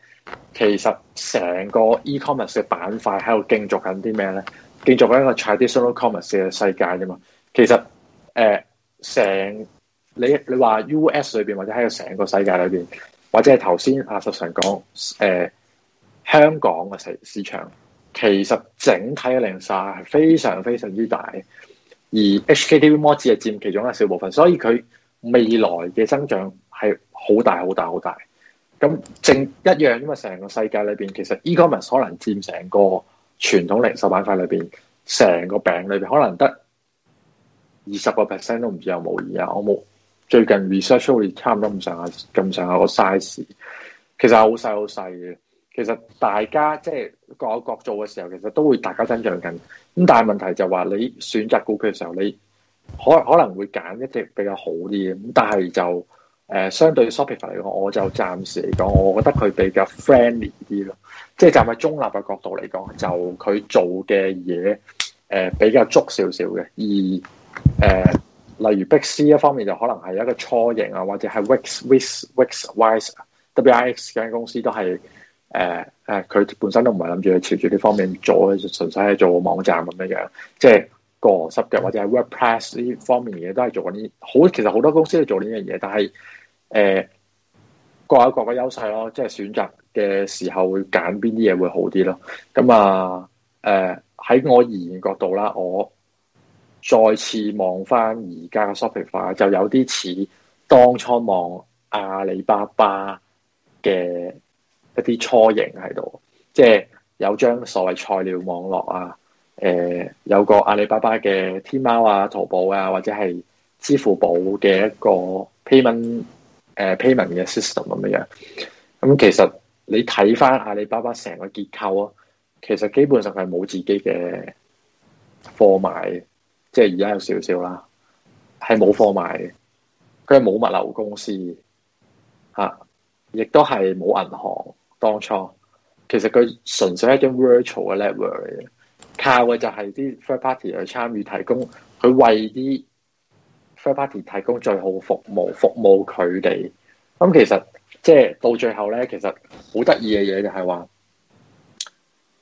其實成個 e-commerce 嘅板塊喺度競逐緊啲咩咧？競逐緊一個 traditional commerce 嘅世界啫嘛。其實誒成、呃、你你話 U.S. 裏邊，或者喺個成個世界裏邊，或者係頭先阿十成講誒。呃香港嘅市市場其實整體嘅零售係非常非常之大，而 HKTV Mall 只係佔其中一小部分，所以佢未來嘅增長係好大好大好大。咁正一樣，因為成個世界裏邊，其實 e-commerce 可能佔成個傳統零售板塊裏邊成個餅裏邊，可能得二十個 percent 都唔知有冇。疑啊！我冇最近 research 出嚟，差唔多咁上下咁上下個 size，其實係好細好細嘅。其實大家即係各有各做嘅時候，其實都會大家增長緊。咁但係問題就話你選擇股票嘅時候，你可可能會揀一啲比較好啲嘅。咁但係就誒、呃、相對 Sophia 嚟講，我就暫時嚟講，我覺得佢比較 friendly 啲咯。即係站喺中立嘅角度嚟講，就佢做嘅嘢誒比較足少少嘅。而誒、呃、例如碧斯一方面就可能係一個初型啊，或者係 wix wix wix wise wix 嗰間公司都係。誒誒，佢、呃呃、本身都唔係諗住去朝住呢方面做嘅，純粹係做網站咁樣樣，即係個網頁或者係 WordPress 呢方面嘅嘢都係做呢。好，其實好多公司都做呢樣嘢，但係誒、呃、各有各嘅優勢咯。即係選擇嘅時候會揀邊啲嘢會好啲咯。咁啊誒喺我而言角度啦，我再次望返而家嘅 Shopify 就有啲似當初望阿里巴巴嘅。一啲初型喺度，即係有張所謂菜鳥網絡啊，誒、呃，有個阿里巴巴嘅天貓啊、淘寶啊，或者係支付寶嘅一個 payment，誒、呃、payment 嘅 system 咁樣樣、嗯，咁其實你睇翻阿里巴巴成個結構啊，其實基本上係冇自己嘅貨賣，即係而家有少少啦，係冇貨賣，佢係冇物流公司，吓、啊，亦都係冇銀行。當初其實佢純粹係一種 virtual 嘅 lever 嚟嘅，靠嘅就係啲 third party 去參與提供，佢為啲 third party 提供最好服務，服務佢哋。咁、嗯、其實即係、就是、到最後咧，其實好得意嘅嘢就係話，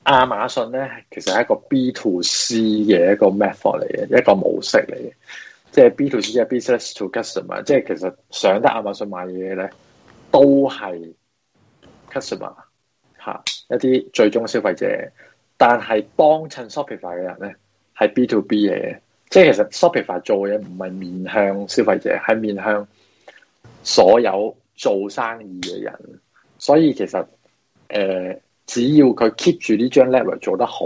亞馬遜咧其實係一個 B to C 嘅一個 method 嚟嘅，一個模式嚟嘅，即、就、係、是、B to C 係 business to customer，即係其實上得亞馬遜買嘢咧都係。customer 吓、啊、一啲最終消費者，但係幫襯 Shopify 嘅人咧係 B to B 嘅，即係其實 Shopify 做嘢唔係面向消費者，係面向所有做生意嘅人。所以其實誒、呃，只要佢 keep 住呢張 level 做得好，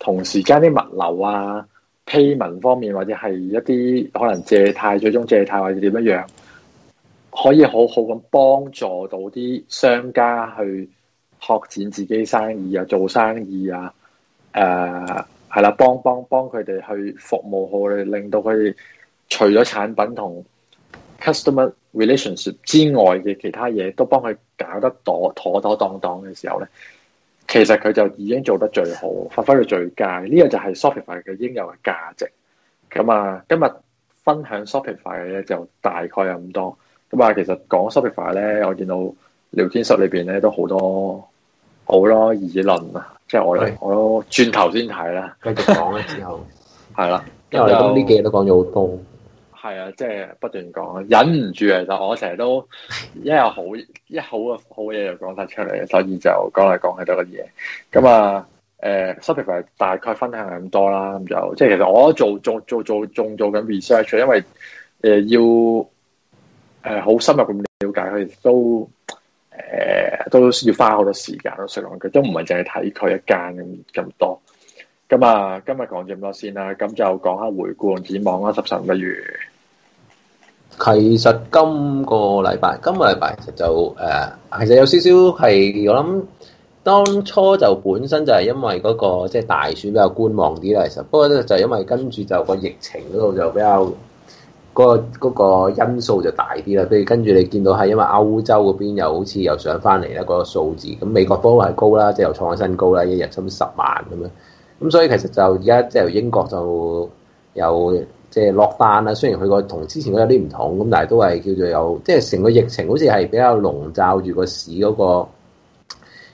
同時間啲物流啊、payment 方面或者係一啲可能借貸，最終借貸或者點一樣。可以好好咁幫助到啲商家去拓展自己生意啊、做生意啊、誒係啦，幫幫幫佢哋去服務好佢，令到佢哋除咗產品同 customer relationship 之外嘅其他嘢，都幫佢搞得妥妥妥當當嘅時候咧，其實佢就已經做得最好，發揮到最佳。呢個就係 Shopify 嘅應有嘅價值。咁啊，今日分享 Shopify 嘅咧就大概有咁多。咁啊，其實講 subject 咧，我見到聊天室裏邊咧都好多好咯議論啊，即係我我都轉頭先睇啦，繼續講啦之後係啦， (laughs) 了因為咁呢幾日都講咗好多，係啊，即係不斷講，忍唔住啊！但我成日都一有好一好嘅好嘢，就講晒出嚟，所以就講嚟講去都乜嘢。咁啊，誒、欸、subject 大概分享咁多啦，咁就即係其實我做做做做仲做緊 research，因為誒、欸、要。誒，好深入咁了解佢，都誒都需要花好多時間咯，佢都唔係淨係睇佢一間咁咁多。咁啊，今日講咗咁多先啦，咁就講下回顧展望啦，十成不如。其實今個禮拜，今個禮拜其實就誒，其實有少少係我諗當初就本身就係因為嗰個即係大選比較觀望啲啦，其實不過咧就因為跟住就個疫情嗰度就比較。嗰個嗰個因素就大啲啦，譬如跟住你見到係因為歐洲嗰邊又好似又上翻嚟一個數字，咁美國都係高啦，即係又創新高啦，一日差唔多十萬咁樣，咁所以其實就而家即係英國就又即係落單啦，雖然佢個同之前嗰啲有啲唔同，咁但係都係叫做有，即係成個疫情好似係比較籠罩住個市嗰個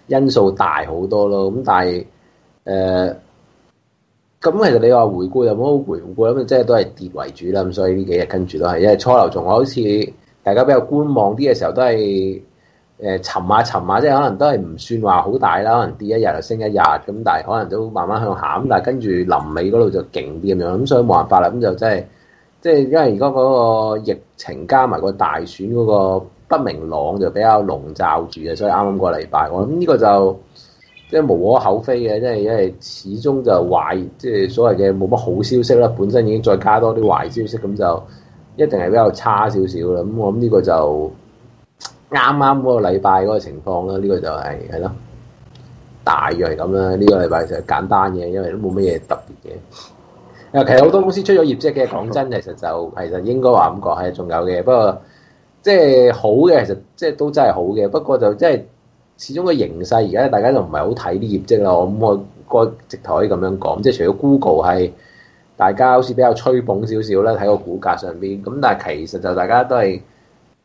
因素大好多咯，咁但係誒。呃咁其實你話回顧有冇回顧咧？咁即係都係跌為主啦。咁所以呢幾日跟住都係，因為初頭仲好似大家比較觀望啲嘅時候，都係誒沉下沉下，即係可能都係唔算話好大啦。可能跌一日就升一日，咁但係可能都慢慢向下。咁但係跟住臨尾嗰度就勁啲咁樣。咁所以冇辦法啦。咁就真係即係因為而家嗰個疫情加埋個大選嗰個不明朗，就比較籠罩住嘅。所以啱啱個禮拜，我諗呢個就。即係無可厚非嘅，即係因為始終就壞，即係所謂嘅冇乜好消息啦。本身已經再加多啲壞消息，咁就一定係比較差少少啦。咁我諗呢個就啱啱嗰個禮拜嗰個情況啦。呢個就係係咯，大約係咁啦。呢個禮拜就簡單嘅，因為都冇乜嘢特別嘅。其實好多公司出咗業績嘅。講真，其實就其實應該話咁講，係仲有嘅。不過即係好嘅，其實即係都真係好嘅。不過就即係。始終個形勢而家大家就唔係好睇啲業績啦。我唔可個，直頭可以咁樣講，即係除咗 Google 係大家好似比較吹捧少少啦，喺個股價上邊。咁但係其實就大家都係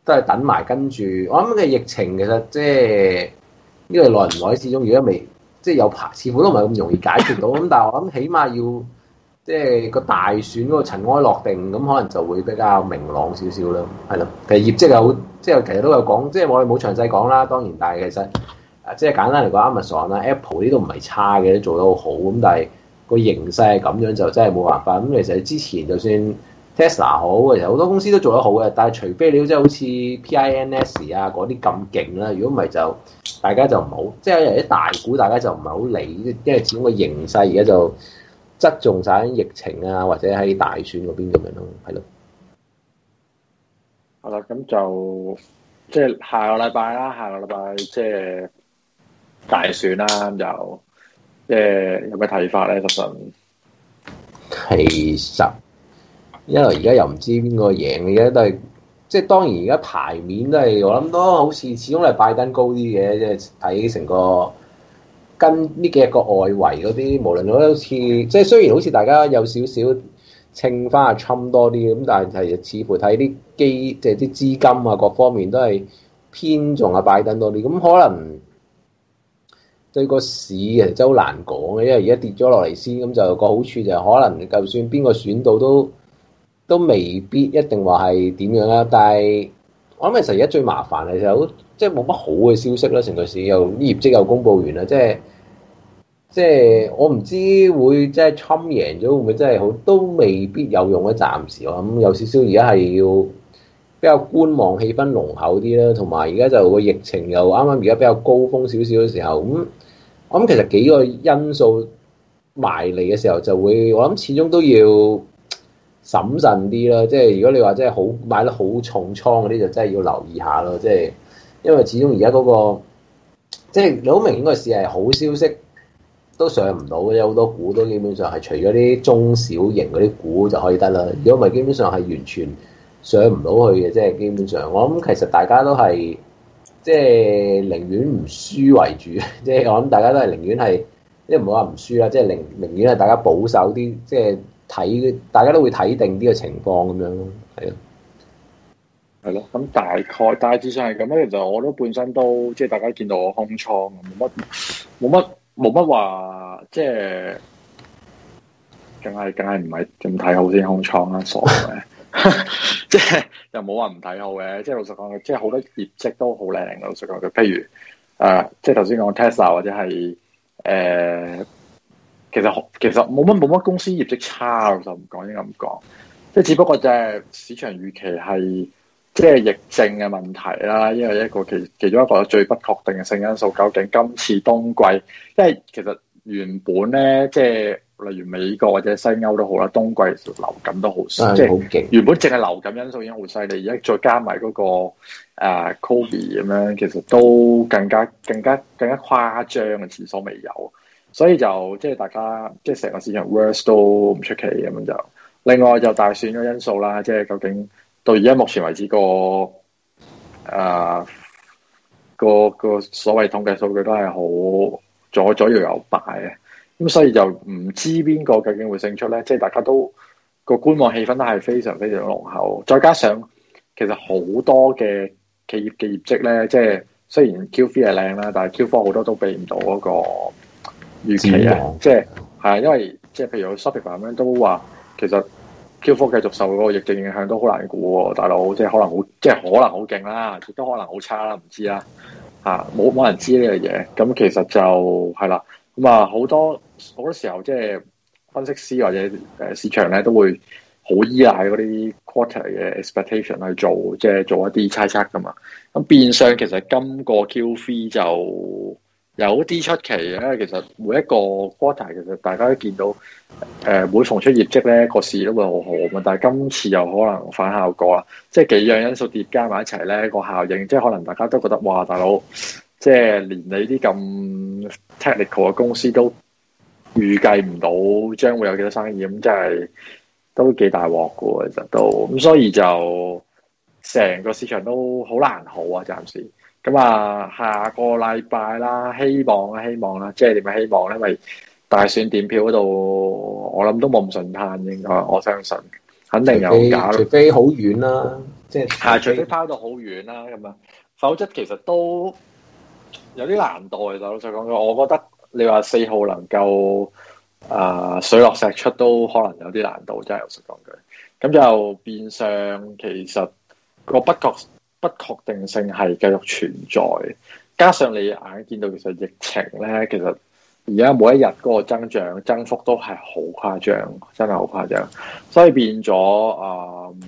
都係等埋跟住。我諗嘅疫情其實即係因為耐唔耐，始終如果未即係有排，似乎都唔係咁容易解決到。咁但係我諗起碼要。即係個大選嗰個塵埃落定，咁可能就會比較明朗少少啦，係咯。其實業績又即係其實都有講，即係我哋冇詳細講啦。當然，但係其實啊，即係簡單嚟講，Amazon 啦、Apple 呢啲都唔係差嘅，都做得好好。咁但係個形勢係咁樣，就真係冇辦法。咁其實之前就算 Tesla 好，其實好多公司都做得好嘅。但係除非你即係好似 PINS 啊嗰啲咁勁啦，如果唔係就大家就唔好，即係有啲大股，大家就唔係好理，因為始終個形勢而家就。側重晒疫情啊，或者喺大選嗰邊咁樣咯，係咯。好啦，咁就即係、就是、下個禮拜啦，下個禮拜即係大選啦，就即係、就是、有咩睇法咧？實其實，其實因為而家又唔知邊個贏，而家都係即係當然而家牌面都係我諗都好似始終係拜登高啲嘅，即係睇成個。跟呢幾個外圍嗰啲，無論我好似，即係雖然好似大家有少少稱花啊，侵多啲咁，但係似乎睇啲基即係啲資金啊，各方面都係偏重啊拜登多啲，咁、嗯、可能對個市其實真好難講嘅，因為而家跌咗落嚟先，咁就有個好處就可能就算邊個選到都都未必一定話係點樣啦，但係我諗其實而家最麻煩係就即係冇乜好嘅消息啦，成個市又業績又公布完啦，即係。即係我唔知會即係特朗普贏咗會唔會真係好，都未必有用嘅。暫時我諗有少少而家係要比較觀望，氣氛濃厚啲啦。同埋而家就個疫情又啱啱而家比較高峰少少嘅時候，咁我諗其實幾個因素埋嚟嘅時候，就會我諗始終都要審慎啲啦。即係如果你話真係好買得好重倉嗰啲，就真係要留意下咯。即係因為始終而家嗰個即係你好明顯嗰個事係好消息。都上唔到嘅，有好多股都基本上係除咗啲中小型嗰啲股就可以得啦。如果唔係，基本上係完全上唔到去嘅。即係基本上，我諗其實大家都係即係寧願唔輸為主。即係我諗大家都係寧願係即係唔好話唔輸啦。即係寧寧願係大家保守啲，即係睇，大家都會睇定啲嘅情況咁樣咯。係咯，係咯。咁大概大致上係咁啦。其實我都本身都即係大家見到我空倉，冇乜，冇乜。冇乜話即係，梗係梗係唔係咁睇好先空倉啦，傻嘅！ (laughs) 即係又冇話唔睇好嘅，即係老實講，即係好多業績都好靚。老實講，佢譬如誒、呃，即係頭先講 Tesla 或者係誒、呃，其實其實冇乜冇乜公司業績差，就唔講，應該咁講。即係只不過就係市場預期係。即係疫症嘅問題啦，因為一個其其中一個最不確定嘅性因素，究竟今次冬季，因為其實原本咧，即係例如美國或者西歐都好啦，冬季流感都好少，嗯、即係好勁原本淨係流感因素已經好犀利，而家再加埋嗰、那個誒 COVID 咁樣，啊、COVID，其實都更加更加更加誇張嘅前所未有，所以就即係大家即係成個市場 worst 都唔出奇咁樣就，另外就大選咗因素啦，即係究竟。到而家目前為止、啊、個誒個個所謂統計數據都係好左左右右擺嘅，咁所以就唔知邊個究竟會勝出咧。即係大家都個觀望氣氛都係非常非常濃厚。再加上其實好多嘅企業嘅業績咧，即係雖然 Q3 係靚啦，但係 Q4 好多都俾唔到嗰個預期啊。的即係係啊，因為即係譬如有 Sophia 咁樣都話其實。Q4 繼續受嗰個疫症影響都好難估喎，大佬即係可能好，即係可能好勁啦，亦都可能好差啦，唔知啦，嚇冇冇人知呢樣嘢，咁其實就係啦，咁啊好多好多時候即係分析師或者誒市場咧都會好依賴嗰啲 quarter 嘅 expectation 去做，即係做一啲猜測噶嘛，咁變相其實今個 Q3 就。有啲出奇嘅，其實每一個 quarter 其實大家都見到，誒每逢出業績咧個市都會好好咁，但係今次又可能反效果啦，即係幾樣因素疊加埋一齊咧個效應，即係可能大家都覺得哇，大佬即係連你啲咁 technical 嘅公司都預計唔到將會有幾多生意，咁真係都幾大鑊嘅，其實都咁，所以就成個市場都好難好啊，暫時。咁啊，下個禮拜啦，希望啦、啊，希望啦、啊，即係點樣希望咧，因為大選點票嗰度，我諗都冇咁順嘆應該，我相信肯定有假除，除非好遠啦，即係係、啊，除非拋到好遠啦咁啊，否則其實都有啲難度。其實老實講句，我覺得你話四號能夠誒、呃、水落石出，都可能有啲難度。真係老實講句，咁就變相其實個不覺。不確定性係繼續存在，加上你眼見到其實疫情咧，其實而家每一日嗰個增長增幅都係好誇張，真係好誇張，所以變咗啊，嗯，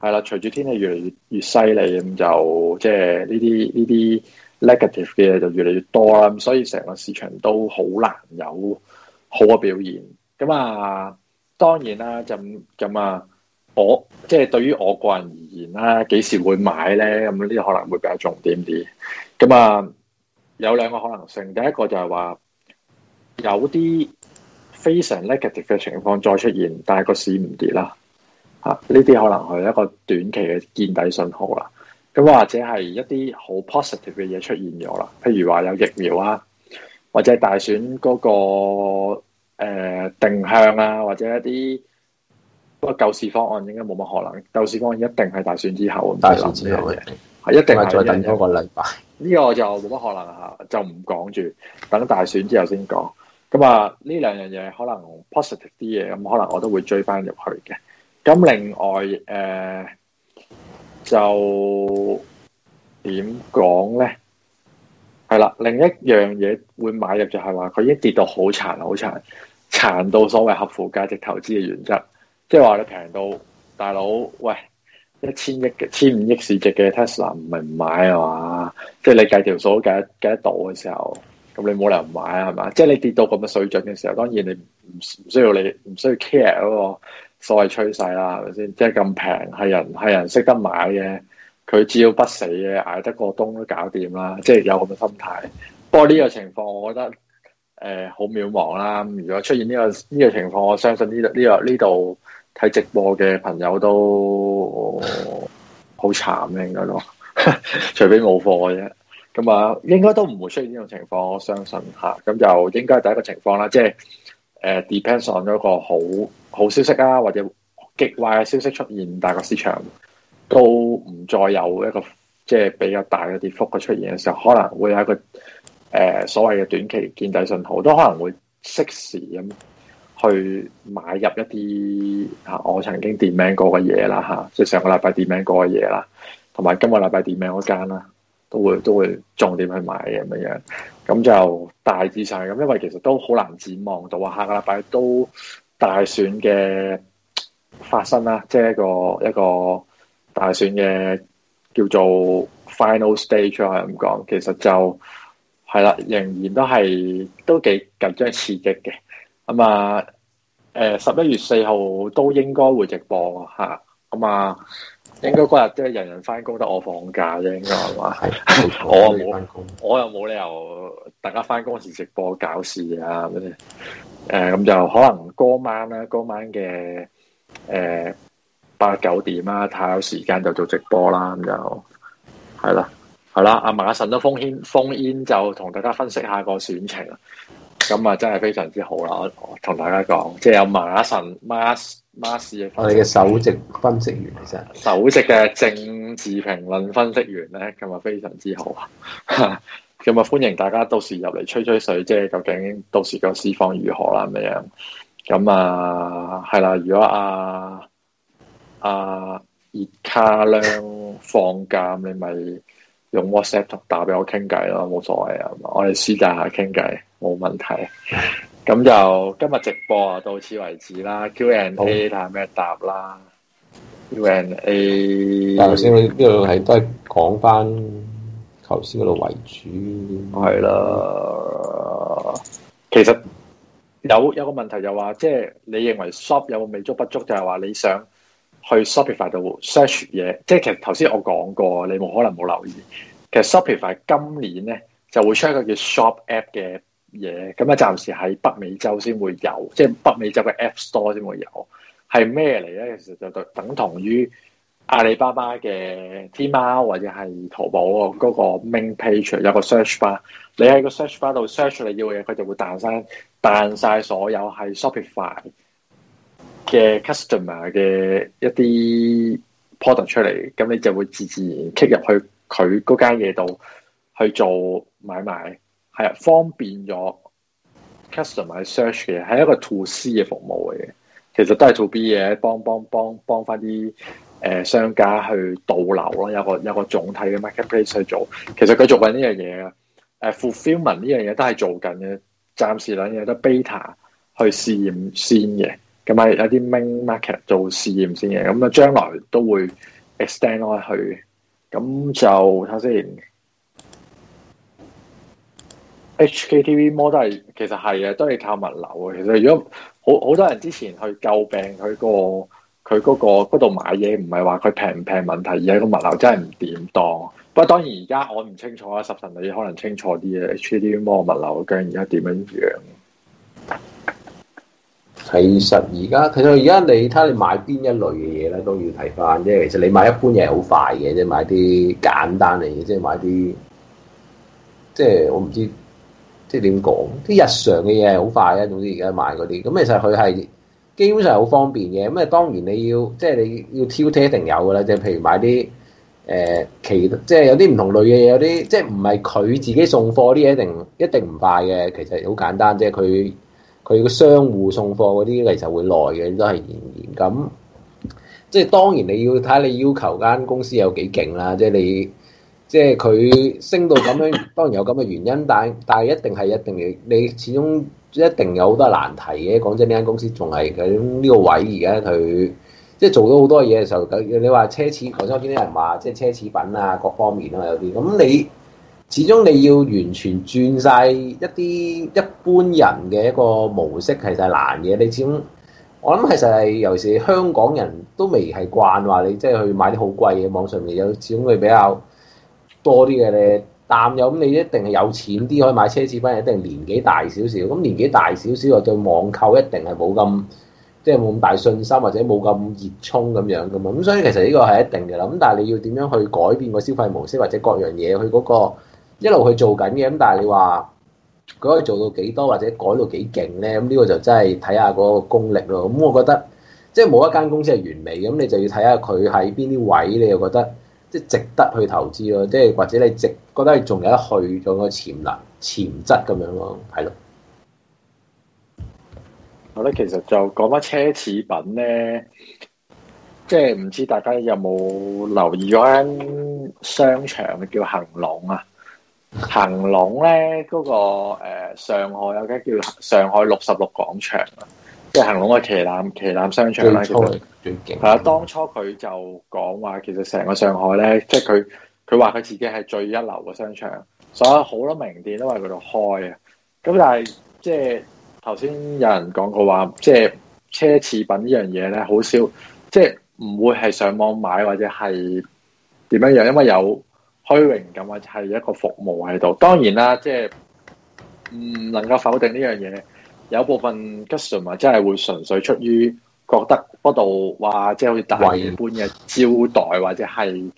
係啦，隨住天氣越嚟越越犀利咁，就即係呢啲呢啲 negative 嘅嘢就越嚟越多啦，所以成個市場都好難有好嘅表現。咁啊，當然啦，就咁啊。我即係對於我個人而言啦，幾時會買呢？咁呢個可能會比較重點啲。咁啊，有兩個可能性。第一個就係話有啲非常 negative 嘅情況再出現，但係個市唔跌啦。吓、啊，呢啲可能係一個短期嘅見底信號啦。咁或者係一啲好 positive 嘅嘢出現咗啦，譬如話有疫苗啊，或者大選嗰，那個誒，呃、定向啊，或者一啲。不過救市方案應該冇乜可能，救市方案一定係大選之後，大選之後嘅一定係再等一個禮拜。呢個就冇乜可能吓，就唔講住等大選之後先講。咁啊，呢兩樣嘢可能 positive 啲嘢，咁可能我都會追翻入去嘅。咁另外誒、呃，就點講咧？係啦，另一樣嘢會買入就係話佢已經跌到好殘好殘，殘到所謂合乎價值投資嘅原則。即係話你平到大佬，喂，一千億、千五億市值嘅 Tesla 唔係唔買啊嘛？即、就、係、是、你計條數計計一度嘅時候，咁你冇理由唔買啊嘛？即係、就是、你跌到咁嘅水準嘅時候，當然你唔需要你唔需要 care 嗰個所謂趨勢啦，係咪先？即係咁平係人係人識得買嘅，佢只要不死嘅捱得過冬都搞掂啦。即、就、係、是、有咁嘅心態。不過呢個情況，我覺得誒好、呃、渺茫啦。如果出現呢、這個呢、這個情況，我相信呢、這、呢個呢度。這個這個這個睇直播嘅朋友都好、哦、慘嘅，應該都除非冇貨嘅啫，咁啊，應該都唔 (laughs) 會出現呢種情況，我相信吓，咁、啊、就應該第一個情況啦，即係誒、呃、depends on 咗個好好消息啊，或者極壞嘅消息出現，但係個市場都唔再有一個即係比較大嘅跌幅嘅出現嘅時候，可能會有一個誒、呃、所謂嘅短期見底信號，都可能會適時咁。去買入一啲嚇、啊、我曾經點名過嘅嘢啦嚇，即、啊、係上個禮拜點名過嘅嘢啦，同、啊、埋今個禮拜點名嗰間啦，都會都會重點去買嘅咁樣，咁就大致上，咁，因為其實都好難展望到啊，下個禮拜都大選嘅發生啦，即係一個一個大選嘅叫做 final stage 我係咁講，其實就係啦，仍然都係都幾緊張刺激嘅。咁啊，誒、嗯，十一月四號都應該會直播吓，咁啊，嗯、應該嗰日即係人人翻工，得我放假啫，應該係嘛？係、 (laughs) 嗯， (laughs) 我冇有， (laughs) 我又冇理由，大家翻工時直播搞事啊啲。誒，咁就可能嗰晚啦，嗰晚嘅誒八九點啊，睇有時間就做直播啦，咁就係啦，係啦。阿文阿神都封煙封煙，就同大家分析下個選情。咁啊，真係非常之好啦！我同大家講，即係有馬臣馬馬士，我哋嘅首席分析員嚟啫。首席嘅政治評論分析員咧，咁啊，非常之好啊！咁啊，歡迎大家到時入嚟吹吹水，即係究竟到時個市況如何啦？咁樣，咁啊係啦。如果阿阿熱卡亮放假，你咪。用 WhatsApp 打俾我傾偈咯，冇所謂啊！我哋私底下傾偈冇問題。咁 (laughs) 就今日直播啊，到此為止啦。Q&A 睇下咩答啦。Q&A，頭先呢度係都係講翻求師嗰度為主，係啦。其實有有個問題就話，即係你認為 shop 有冇未足不足，就係話你想。去 Shopify 度 search 嘢，即係其實頭先我講過，你冇可能冇留意。其實 Shopify 今年咧就會出一個叫 Shop App 嘅嘢，咁啊暫時喺北美洲先會有，即係北美洲嘅 App Store 先會有。係咩嚟咧？其實就等同於阿里巴巴嘅 Tmall 或者係淘寶嗰個 main page 有個 search bar，你喺個 search bar 度 search 你要嘅嘢，佢就會彈生彈晒所有係 Shopify 嘅 customer 嘅一啲 product 出嚟，咁你就會自自然然 kick 入去佢間嘢度去做買賣，係啊，方便咗 customer search 嘅，係一個 to C 嘅服務嚟嘅，其實都係 to B 嘅，幫幫幫幫翻啲誒商家去倒流咯，有個有個總體嘅 marketplace 去做，其實佢做緊呢樣嘢啊，誒，fulfillment 呢樣嘢都係做緊嘅，暫時兩樣都 beta 去試驗先嘅。咁咪有啲 main market 做試驗先嘅，咁啊將來都會 extend 開去。咁就睇下先。H K T V Mall 都係其實係啊，都係靠物流啊。其實如果好好多人之前去詬病，佢、嗰個佢嗰度買嘢，唔係話佢平唔平問題，而係個物流真係唔掂檔。不過當然而家我唔清楚啊，十神你可能清楚啲啊。H K T V Mall 物流究竟而家點樣樣？其實而家其實而家你睇下你買邊一類嘅嘢咧，都要睇返。即係其實你買一般嘢好快嘅，即係買啲簡單嘅即係買啲即係我唔知即係點講，啲日常嘅嘢係好快嘅。總之而家買嗰啲，咁其實佢係基本上好方便嘅。咁啊，當然你要即係你要挑剔，一定有㗎喇。即係譬如買啲誒、呃、其即係有啲唔同類嘅嘢，有啲即係唔係佢自己送貨啲嘢，一定一定唔快嘅。其實好簡單，即係佢。佢個商戶送貨嗰啲，其實就會耐嘅，都係延延咁。即係當然你要睇你要求間公司有幾勁啦，即係你即係佢升到咁樣，當然有咁嘅原因，但係但係一定係一定要。你始終一定有好多難題嘅。講真，呢間公司仲係喺呢個位而家佢，即係做咗好多嘢嘅時候，你你話奢侈，頭先有啲人話即係奢侈品啊，各方面啊有啲咁你。始終你要完全轉晒一啲一般人嘅一個模式，其實係難嘅。你始終，我諗其實係尤其是香港人都未係慣話，你即係去買啲好貴嘅網上面有，始終會比較多啲嘅咧。但有咁你一定係有錢啲可以買奢侈品，一定年紀大少少。咁年紀大少少又對網購一定係冇咁即係冇咁大信心，或者冇咁熱衷咁樣噶嘛。咁所以其實呢個係一定嘅啦。咁但係你要點樣去改變個消費模式或者各樣嘢去嗰個？一路去做緊嘅咁，但係你話佢可以做到幾多或者改到幾勁咧？咁、這、呢個就真係睇下嗰個功力咯。咁、嗯、我覺得即係冇一間公司係完美嘅，咁、嗯、你就要睇下佢喺邊啲位，你又覺得即係值得去投資咯。即係或者你值覺得係仲有一去，咗個潛能潛質咁樣咯，係咯。好啦，其實就講翻奢侈品咧，即係唔知大家有冇留意間商場叫恆隆啊？恒隆咧，嗰、那個誒、呃，上海有間叫上海六十六廣場啊，即係恒隆嘅旗艦旗艦商場啦，最勁初。係啦實，當初佢就講話，其實成個上海咧，即係佢佢話佢自己係最一流嘅商場，所以好多名店都喺佢度開啊。咁但係即係頭先有人講過話，即係奢侈品呢樣嘢咧，好少，即係唔會係上網買或者係點樣樣，因為有。虛榮感或者係一個服務喺度，當然啦，即係唔能夠否定呢樣嘢。有部分 guest 咪真係會純粹出於覺得嗰度哇，即係好似大款般嘅招待，或者係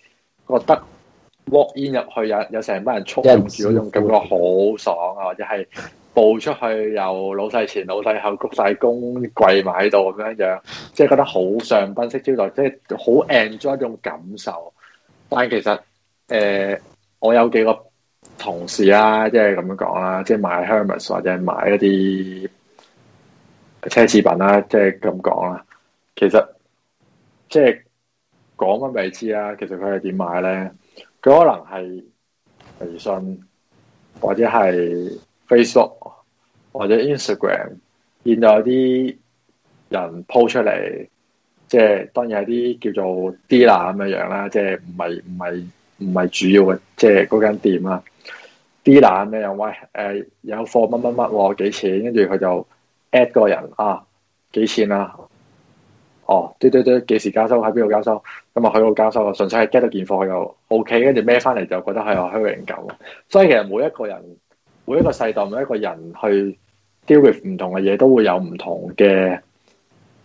覺得 walk in 入去有有成班人簇擁住嗰種感覺好爽啊，或者係步出去由老細前老細後鞠曬躬跪埋喺度咁樣樣，即係覺得好上賓式招待，即係好 enjoy 一種感受，但係其實。誒、呃，我有幾個同事啦、啊，即係咁樣講啦，即係買 Hermes 或者買一啲奢侈品啦、啊，即係咁講啦。其實即係講乜未知啦。其實佢係點買咧？佢可能係微信或者係 Facebook 或者 Instagram 見到啲人 po 出嚟，即係當然有啲叫做 dealer 啦，a l 咁嘅樣啦，即係唔係唔係。唔係主要嘅，即係嗰間店啦。D 娜咁又喂，誒、呃、有貨乜乜乜喎？幾錢？跟住佢就 at 個人啊，幾錢啊？哦，嘟嘟嘟，幾時交收？喺邊度交收？咁日去度交收啦。純粹係 get 到件貨又 OK，跟住孭翻嚟就覺得係我虛榮。所以其實每一個人，每一個世代每一個人去 deal with 唔同嘅嘢，都會有唔同嘅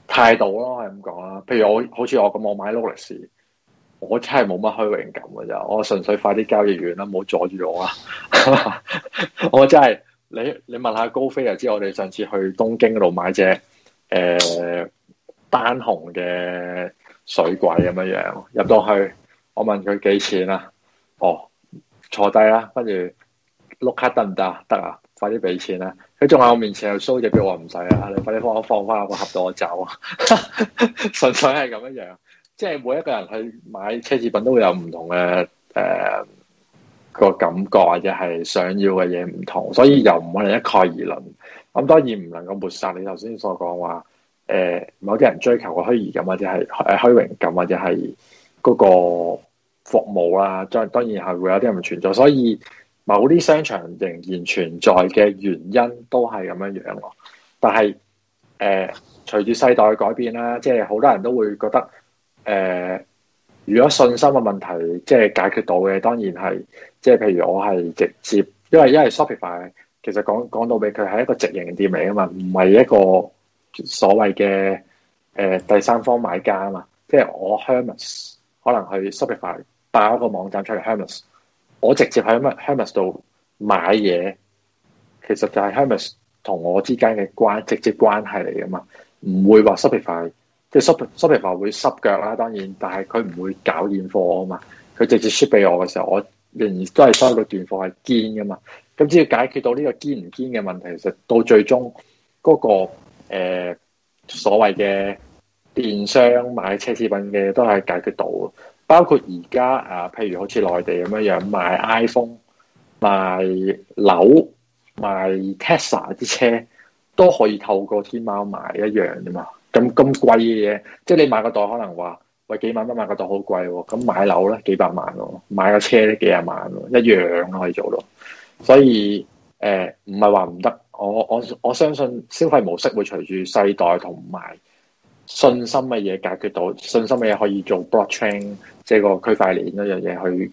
態度咯、啊。係咁講啦。譬如我好似我咁，我買 Louis。我真係冇乜虛榮感嘅啫，我純粹快啲交易完啦，唔好阻住我啊！ (laughs) 我真係你你問下高飛就知，我哋上次去東京度買隻誒、呃、單紅嘅水鬼咁樣樣，入到去我問佢幾錢啊？哦，坐低啦，跟住碌卡得唔得啊？得啊，快啲俾錢啦！佢仲喺我面前又 show 隻錶，我唔使啦，你快啲幫我放翻，個盒到我走啊！純 (laughs) 粹係咁樣樣。即係每一個人去買奢侈品都會有唔同嘅誒、呃那個感覺或者係想要嘅嘢唔同，所以又唔可能一概而論。咁當然唔能夠抹殺你頭先所講話誒，某啲人追求個虛擬感或者係誒虛榮感或者係嗰個服務啦，再當然係會有啲人唔存在。所以某啲商場仍然存在嘅原因都係咁樣樣咯。但係誒，隨、呃、住世代改變啦，即係好多人都會覺得。誒、呃，如果信心嘅問題即係解決到嘅，當然係即係譬如我係直接，因為因為 Shopify 其實講講到俾佢係一個直營店嚟啊嘛，唔係一個所謂嘅誒第三方買家啊嘛，即係我 Hermes 可能去 Shopify 擺一個網站出嚟 Hermes，我直接喺 Hermes 度買嘢，其實就係 Hermes 同我之間嘅關直接關係嚟啊嘛，唔會話 Shopify。即係 super，super 會濕腳啦，當然、啊，但係佢唔會搞現貨啊嘛。佢直接輸俾我嘅時候，我仍然都係收到斷貨係堅噶嘛。咁只要解決到呢個堅唔堅嘅問題，其實到最終嗰、那個誒、呃、所謂嘅電商買奢侈品嘅都係解決到。包括而家啊，譬如好似內地咁樣樣，買 iPhone、買樓、買 Tesla 啲車都可以透過天貓買一樣噶嘛。咁咁貴嘅嘢，即係你買個袋可能話，喂幾萬蚊買個袋好貴喎、哦。咁買樓咧幾百萬咯、哦，買個車咧幾廿萬咯、哦，一樣可以做到。所以誒，唔係話唔得，我我我相信消費模式會隨住世代同埋信心嘅嘢解決到，信心嘅嘢可以做 blockchain，即係個區塊鏈呢樣嘢去誒、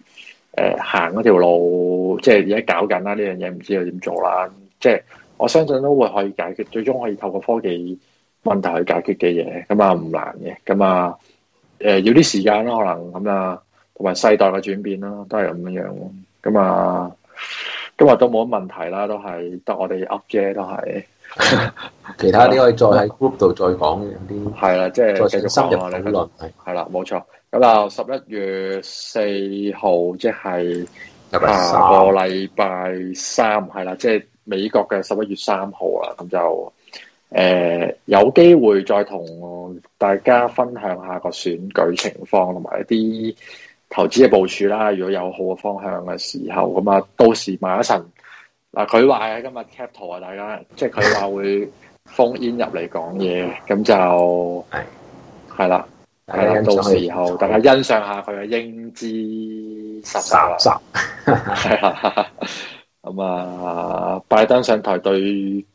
呃、行一條路，即係而家搞緊啦、啊、呢、這個、樣嘢，唔知佢點做啦。即係我相信都會可以解決，最終可以透過科技。問題去解決嘅嘢，咁啊唔難嘅，咁啊，誒、呃、要啲時間啦，可能咁啊，同埋世代嘅轉變啦，都係咁樣樣咯，咁啊，今日都冇乜問題啦，都係得我哋噏啫，都係，都 (laughs) 其他啲可以再喺 group 度再講啲，係啦， (laughs) 即係繼續深入討論，係啦，冇錯。咁啊，就是、十一月四號即係下個禮拜三，係啦，即、就、係、係、美國嘅十一月三號啦，咁就。誒、呃，有機會再同大家分享下個選舉情況，同埋一啲投資嘅部署啦。如果有好嘅方向嘅時候，咁、嗯、啊，到時買一陣嗱，佢、啊、話、啊、今日 Cap 圖啊，大家即係佢話會烽煙入嚟講嘢，咁就係係啦，係啦，到時候的大家欣賞下佢嘅英姿颯。颯，啦，咁、嗯嗯、啊，拜登上台對。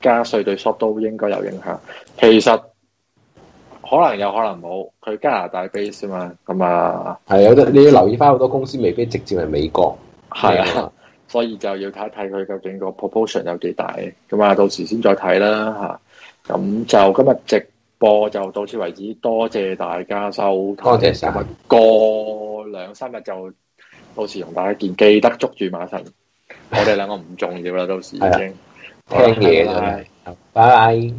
加稅對 shop 都應該有影響。其實可能有可能冇，佢加拿大 base 啊嘛，咁啊係有啲你要留意翻，好多公司，未必直接係美國，係啊，嗯、所以就要睇一睇佢究竟個 proposal 有幾大。咁啊，到時先再睇啦吓。咁就今日直播就到此為止，多謝大家收睇，多謝晒。過兩三日就到時同大家見，記得捉住馬神。我哋兩個唔重要啦， (laughs) 到時已經。聽嘢啦，拜拜。